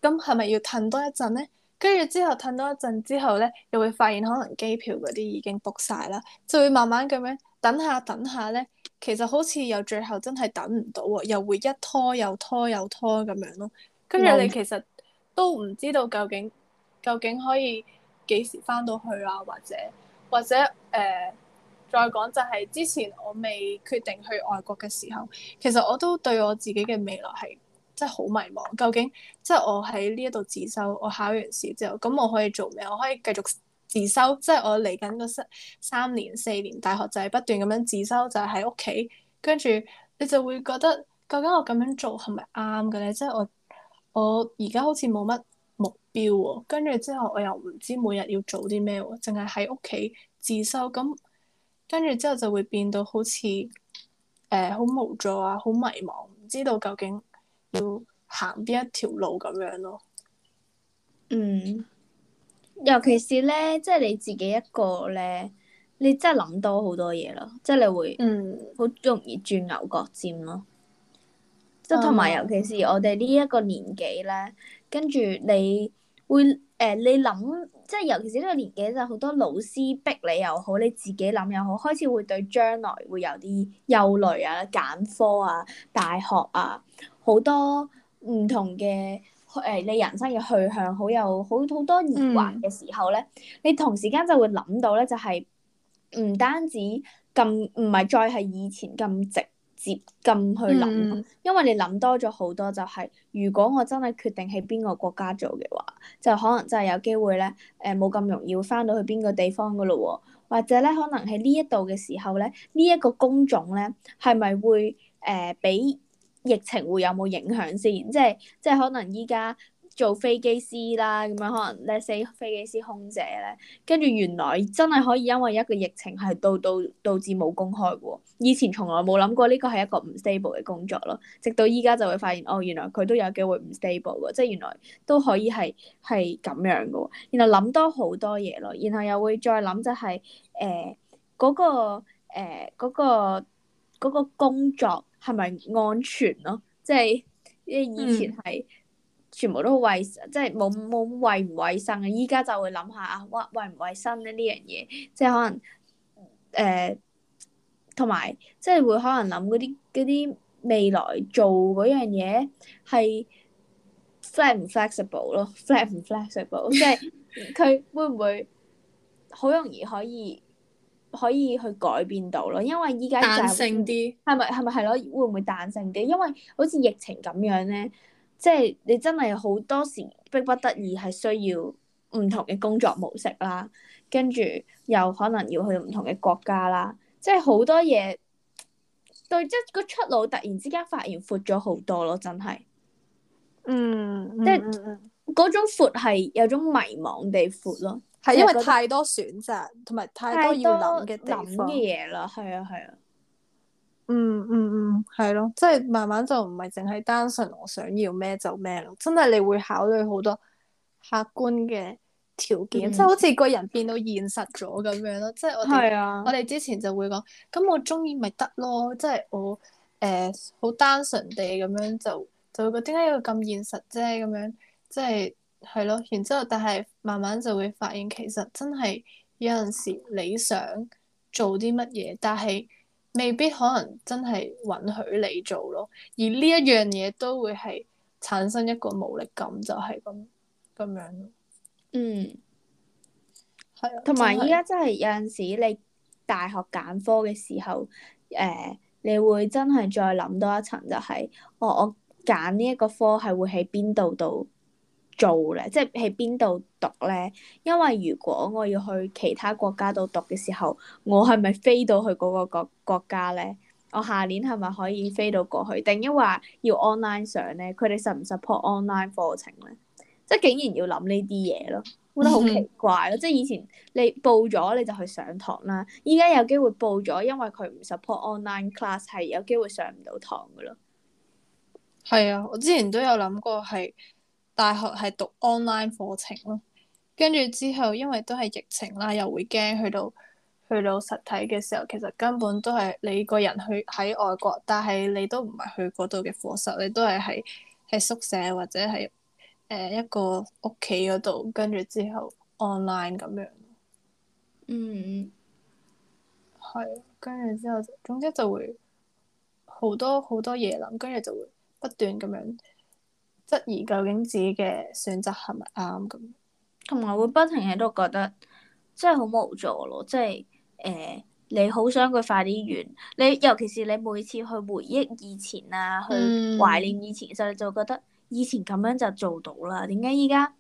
咁係咪要褪多一陣咧？跟住之後褪多一陣之後咧，又會發現可能機票嗰啲已經 book 晒啦，就會慢慢咁樣等下等下咧。其實好似又最後真係等唔到喎，又會一拖又拖又拖咁樣咯。跟住你其實都唔知道究竟。究竟可以幾時翻到去啊？或者或者誒、呃、再講就係之前我未決定去外國嘅時候，其實我都對我自己嘅未來係真係好迷茫。究竟即係我喺呢一度自修，我考完試之後，咁我可以做咩？我可以繼續自修，即係我嚟緊個三三年四年大學就係不斷咁樣自修，就喺屋企，跟住你就會覺得究竟我咁樣做係咪啱嘅咧？即係我我而家好似冇乜。表喎，跟住之後我又唔知每日要做啲咩喎，淨係喺屋企自修，咁跟住之後就會變到好似誒好無助啊，好迷茫，唔知道究竟要行邊一條路咁樣咯。嗯，尤其是咧，即係你自己一個咧，你真係諗到好多嘢咯，即係你會，嗯，好，嗯，容易轉牛角尖咯。即係同埋，尤其是我哋呢一個年紀咧，跟住你。會誒、呃，你諗即係，尤其是呢個年紀，就好多老師逼你又好，你自己諗又好，開始會對將來會有啲憂慮啊，揀科啊，大學啊，好多唔同嘅誒、呃，你人生嘅去向有好有好好多疑惑嘅時候咧，嗯、你同時間就會諗到咧，就係唔單止咁，唔係再係以前咁直。接近去諗，因為你諗多咗好多、就係，就係如果我真係決定喺邊個國家做嘅話，就可能真係有機會咧，誒冇咁容易返到去邊個地方㗎喇喎，或者咧可能喺呢一度嘅時候咧，這個、呢一個工種咧係咪會誒俾、呃、疫情會有冇影響先？即係即係可能依家。做飛機師啦，咁樣可能 let's say 飛機師空姐咧，跟住原來真係可以因為一個疫情係導導導致冇工開喎。以前從來冇諗過呢個係一個唔 stable 嘅工作咯，直到依家就會發現哦，原來佢都有機會唔 stable 嘅，即係原來都可以係係咁樣嘅。然後諗多好多嘢咯，然後又會再諗就係誒嗰個誒嗰個呃嗰個嗰個嗰個工作係咪安全咯？即係誒以前係。嗯全部都好衛，即係冇冇衛唔衛生啊！依家就會諗下啊，衛衛唔衛生咧呢樣嘢，即係可能誒，同、呃、埋即係會可能諗嗰啲嗰啲未來做嗰樣嘢係 flex 唔 flexible 咯，flex 唔 flexible，即 係佢會唔會好容易可以可以去改變到咯？因為依家就係、係、彈性啲，係咪係咪係咯？會唔會彈性啲？因為好似疫情咁樣咧。即係你真係好多時逼不得已係需要唔同嘅工作模式啦，跟住又可能要去唔同嘅國家啦，即係好多嘢對，即係個出路突然之間發現闊咗好多咯，真係、嗯。嗯，嗯嗯即係嗰種闊係有種迷茫地闊咯，係因，因為太多選擇同埋太多要諗嘅諗嘅嘢啦。係啊，係啊。嗯嗯嗯，係、嗯、咯、嗯，即係慢慢就唔係淨係單純我想要咩就咩咯，真係你會考慮好多客觀嘅條件，即係、嗯、好似個人變到現實咗咁樣咯，嗯、即係我哋的我哋之前就會講，咁我中意咪得咯，即係我誒好、呃、單純地咁樣就就會覺點解要咁現實啫，咁樣即係係咯，然之後但係慢慢就會發現其實真係有陣時你想做啲乜嘢，但係。未必可能真係允許你做咯，而呢一樣嘢都會係產生一個無力感，就係咁咁樣咯，嗯，係啊、嗯。同埋依家真係有陣時，你大學揀科嘅時候，誒、呃，你會真係再諗多一層，就係，就、哦、係我我揀呢一個科係會喺邊度度做咧，即係喺邊度讀咧？因為如果我要去其他國家度讀嘅時候，我係咪飛到去嗰個國，國家咧？我下年係咪可以飛到過去？定因為話要 online 上咧？佢哋實唔 support online 課程咧？即係竟然要諗呢啲嘢咯，我、mm hmm. 覺得好奇怪咯！即係以前你報咗你就去上堂啦，依家有機會報咗，因為佢唔 support online class 係有機會上唔到堂噶咯。係啊，我之前都有諗過係。大學係讀 online 課程咯，跟住之後因為都係疫情啦，又會驚去到去到實體嘅時候，其實根本都係你個人去喺外國，但係你都唔係去嗰度嘅課室，你都係喺喺宿舍或者係誒、呃、一個屋企嗰度，跟住之後 online 咁樣。嗯，係。跟住之後，總之就會好多好多嘢諗，跟住就會不斷咁樣。質疑究竟自己嘅選擇係咪啱，咁，同埋會不停喺都覺得真係好無助咯，即係誒、呃，你好想佢快啲完，你尤其是你每次去回憶以前啊，去懷念以前嘅時候，嗯，你就覺得以前咁樣就做到啦，點解依家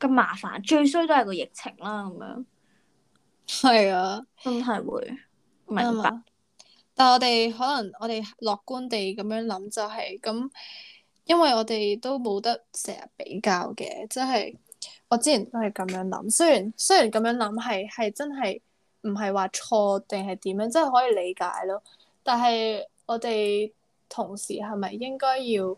咁麻煩？最衰都係個疫情啦，咁樣，係啊，啊，真係會明白。但我哋可能我哋樂觀地咁樣諗就係、是、咁。因為我哋都冇得成日比較嘅，即係我之前都係咁樣諗。雖然雖然咁樣諗係，係真係唔係話錯定係點樣，真係可以理解咯。但係我哋同時係咪應該要嘗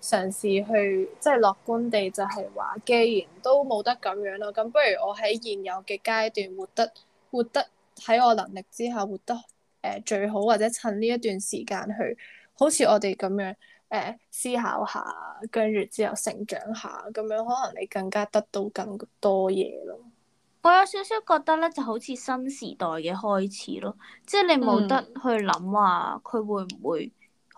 試去即係樂觀地就係話，既然都冇得咁樣咯，咁不如我喺現有嘅階段活得活得喺我能力之下活得誒最好，或者趁呢一段時間去，好似我哋咁樣。思考下，跟住之後成長下，咁樣可能你更加得到更多嘢咯。我有少少覺得咧，就好似新時代嘅開始咯，即係你冇得去諗話佢會唔會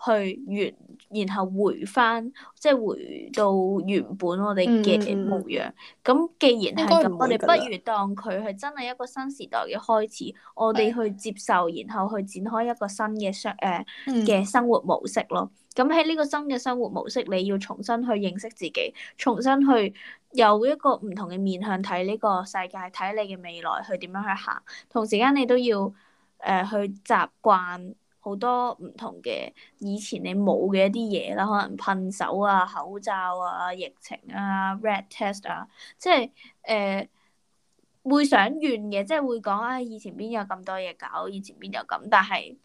去完，然後回返即係回到原本我哋嘅模樣。咁、嗯、既然係咁，我哋不如當佢係真係一個新時代嘅開始，我哋去接受，的然後去展開一個新嘅誒嘅生活模式咯。咁喺呢個新嘅生活模式，你要重新去認識自己，重新去有一個唔同嘅面向睇呢個世界，睇你嘅未來去點樣去行。同時間你都要誒、呃、去習慣好多唔同嘅以前你冇嘅一啲嘢啦，可能噴手啊、口罩啊、疫情啊、RAT test 啊，即係誒、呃、會想怨嘅，即係會講啊、哎，以前邊有咁多嘢搞，以前邊有咁，但係，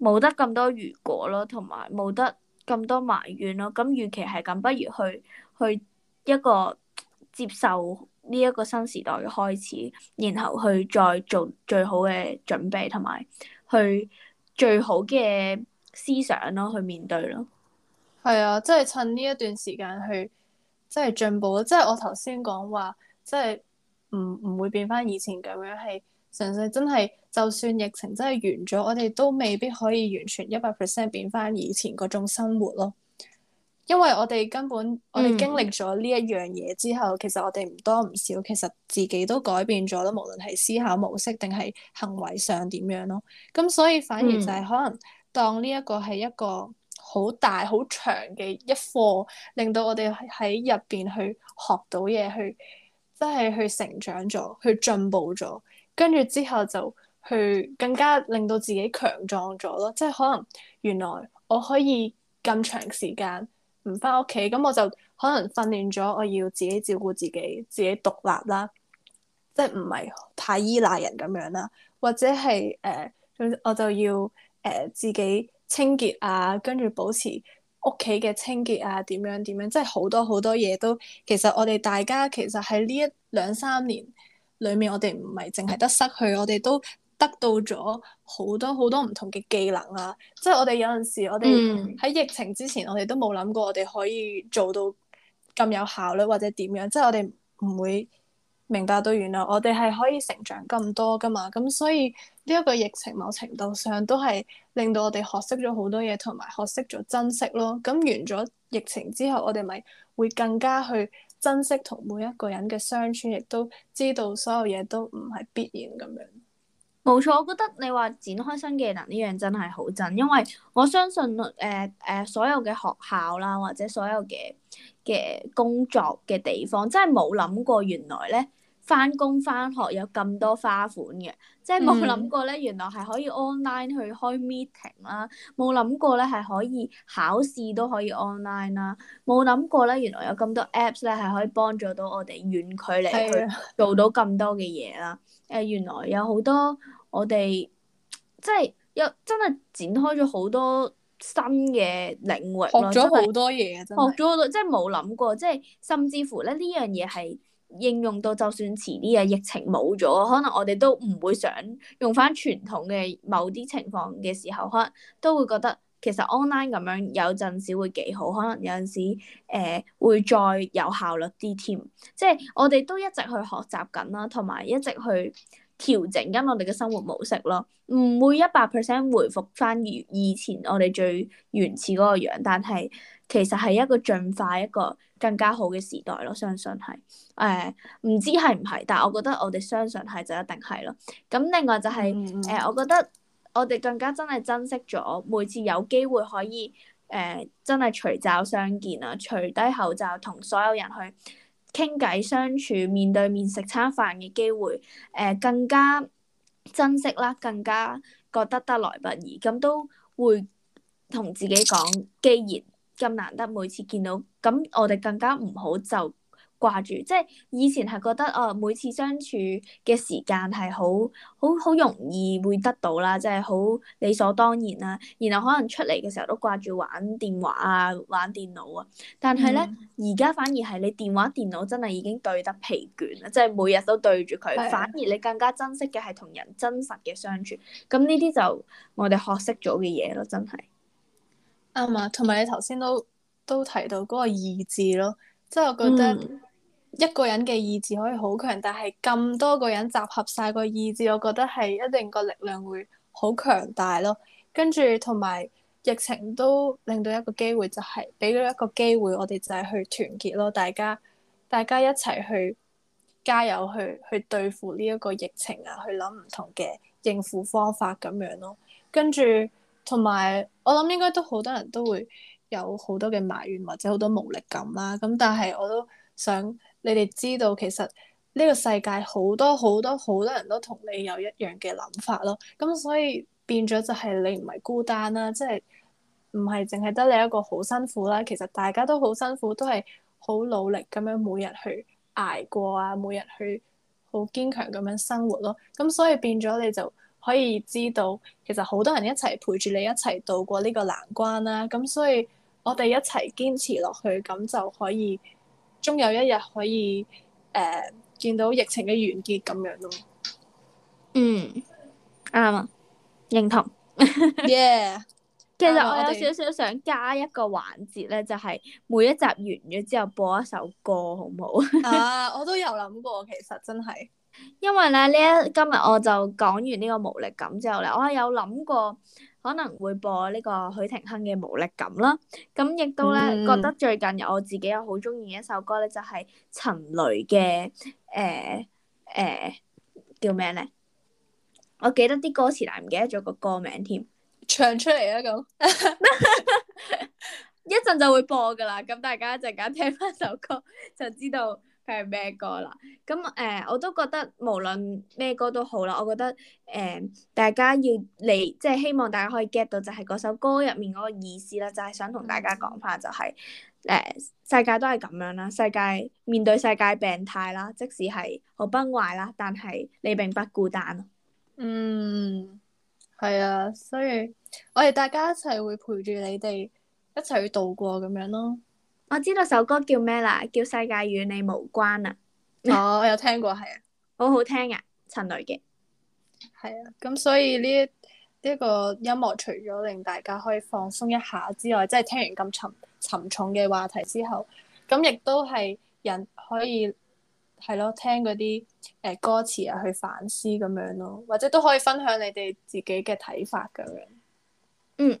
冇得咁多如果咯，同埋冇得咁多埋怨咯。咁與其係咁，不如去去一個接受呢一個新時代嘅開始，然後去再做最好嘅準備，同埋去最好嘅思想咯，去面對咯。係啊，即係趁呢一段時間去，即係進步咯。即係我頭先講話，即係唔唔會變翻以前咁樣，係純粹真係。就算疫情真係完咗，我哋都未必可以完全一百 percent 變翻以前嗰種生活咯。因為我哋根本我哋經歷咗呢一樣嘢之後，嗯、其實我哋唔多唔少，其實自己都改變咗啦，無論係思考模式定係行為上點樣咯，咁所以反而就係可能當呢一個係一個好大好長嘅一課，令到我哋喺入邊去學到嘢，去真係去成長咗，去進步咗，跟住之後就。去更加令到自己強壯咗咯，即係可能原來我可以咁長時間唔返屋企，咁我就可能訓練咗我要自己照顧自己，自己獨立啦，即係唔係太依賴人咁樣啦，或者係誒、呃，我就要誒、呃、自己清潔啊，跟住保持屋企嘅清潔啊，點樣點樣，即係好多好多嘢都其實我哋大家其實喺呢一兩三年裏面，我哋唔係淨係得失去，我哋都。得到咗好多好多唔同嘅技能啊！即係我哋有陣時，我哋喺疫情之前，我哋都冇諗過我哋可以做到咁有效率或者點樣。即係我哋唔會明白到原來我哋係可以成長咁多噶嘛。咁所以呢一個疫情，某程度上都係令到我哋學識咗好多嘢，同埋學識咗珍惜咯。咁完咗疫情之後，我哋咪會更加去珍惜同每一個人嘅相處，亦都知道所有嘢都唔係必然咁樣。冇錯，我覺得你話展開新技能呢樣真係好真，因為我相信誒誒、呃呃、所有嘅學校啦，或者所有嘅嘅工作嘅地方，真係冇諗過原來咧返工返學有咁多花款嘅，即係冇諗過咧原來係可以 online 去開 meeting 啦，冇諗過咧係可以考試都可以 online 啦，冇諗過咧原來有咁多 apps 咧係可以幫助到我哋遠距離去做到咁多嘅嘢啦，誒是、啊、 原來有好多。我哋即係有真係展開咗好多新嘅領域咯，學咗好多嘢啊！真係學咗好多，即係冇諗過，即係甚至乎咧呢樣嘢係應用到，就算遲啲啊疫情冇咗，可能我哋都唔會想用翻傳統嘅某啲情況嘅時候，可能都會覺得其實 online 咁樣有陣時會幾好，可能有陣時誒、呃、會再有效率啲添。即係我哋都一直去學習緊啦，同埋一直去。調整緊我哋嘅生活模式咯，唔會一百 percent 回復翻以以前我哋最原始嗰個樣，但係其實係一個進化一個更加好嘅時代咯，相信係，誒、呃、唔知係唔係，但係我覺得我哋相信係就一定係咯。咁另外就係、是、誒、嗯嗯呃，我覺得我哋更加真係珍惜咗每次有機會可以誒、呃、真係除罩相見啊，除低口罩同所有人去。傾偈相處、面對面食餐飯嘅機會，誒、呃、更加珍惜啦，更加覺得得來不易，咁都會同自己講，既然咁難得每次見到，咁我哋更加唔好就，掛住，即係以前係覺得誒、呃、每次相處嘅時間係好好好容易會得到啦，即係好理所當然啦。然後可能出嚟嘅時候都掛住玩電話啊，玩電腦啊。但係咧，而家、嗯、反而係你電話電腦真係已經對得疲倦啦，即係每日都對住佢。的反而你更加珍惜嘅係同人真實嘅相處。咁呢啲就我哋學識咗嘅嘢咯，真係。啱啊、嗯，同埋你頭先都都提到嗰個意志咯，即係我覺得、嗯。一個人嘅意志可以好強，但係咁多個人集合晒個意志，我覺得係一定個力量會好強大咯。跟住同埋疫情都令到一個機會、就是，就係俾咗一個機會我哋就係去團結咯，大家大家一齊去加油去去對付呢一個疫情啊，去諗唔同嘅應付方法咁樣咯。跟住同埋我諗應該都好多人都會有好多嘅埋怨或者好多無力感啦、啊。咁但係我都。想你哋知道，其實呢個世界好多好多好多人都同你有一樣嘅諗法咯。咁所以變咗就係你唔係孤單啦，即係唔係淨係得你一個好辛苦啦。其實大家都好辛苦，都係好努力咁樣每日去挨過啊，每日去好堅強咁樣生活咯。咁所以變咗你就可以知道，其實好多人一齊陪住你一齊度過呢個難關啦。咁所以我哋一齊堅持落去，咁就可以。終有一日可以誒、呃、見到疫情嘅完結咁樣咯。嗯，啱啊，認同。 Yeah，其實我有少少想加一個環節咧，uh, 就係每一集完咗之後播一首歌，好唔好？啊 ，uh, 我都有諗過，其實真係。因為咧，呢一今日我就講完呢個無力感之後咧，我係有諗過。可能會播呢個許廷鏗嘅無力感啦，咁亦都咧、嗯、覺得最近有我自己有好中意嘅一首歌咧，就係、是、陳蕾嘅誒誒叫咩咧？我記得啲歌詞但唔記得咗個歌名添，唱出嚟啦咁， 一陣就會播噶啦，咁大家一陣間聽翻首歌就知道。係咩歌啦？咁誒、呃，我都覺得無論咩歌都好啦。我覺得誒、呃，大家要嚟，即、就、係、是、希望大家可以 get 到，就係嗰首歌入面嗰個意思啦。就係、是、想同大家講翻，就係、是、誒、呃，世界都係咁樣啦。世界面對世界病態啦，即使係好崩壞啦，但係你並不孤單。嗯，係啊，所以我哋大家一齊會陪住你哋一齊去度過咁樣咯。我知道首歌叫咩啦，叫《世界與你無關》啊！ 哦，我有聽過，係啊，好好聽啊，陳蕾嘅，係啊。咁所以呢，呢個音樂除咗令大家可以放鬆一下之外，即係聽完咁沉沉重嘅話題之後，咁亦都係人可以係咯，聽嗰啲誒歌詞啊去反思咁樣咯，或者都可以分享你哋自己嘅睇法，咁樣。嗯。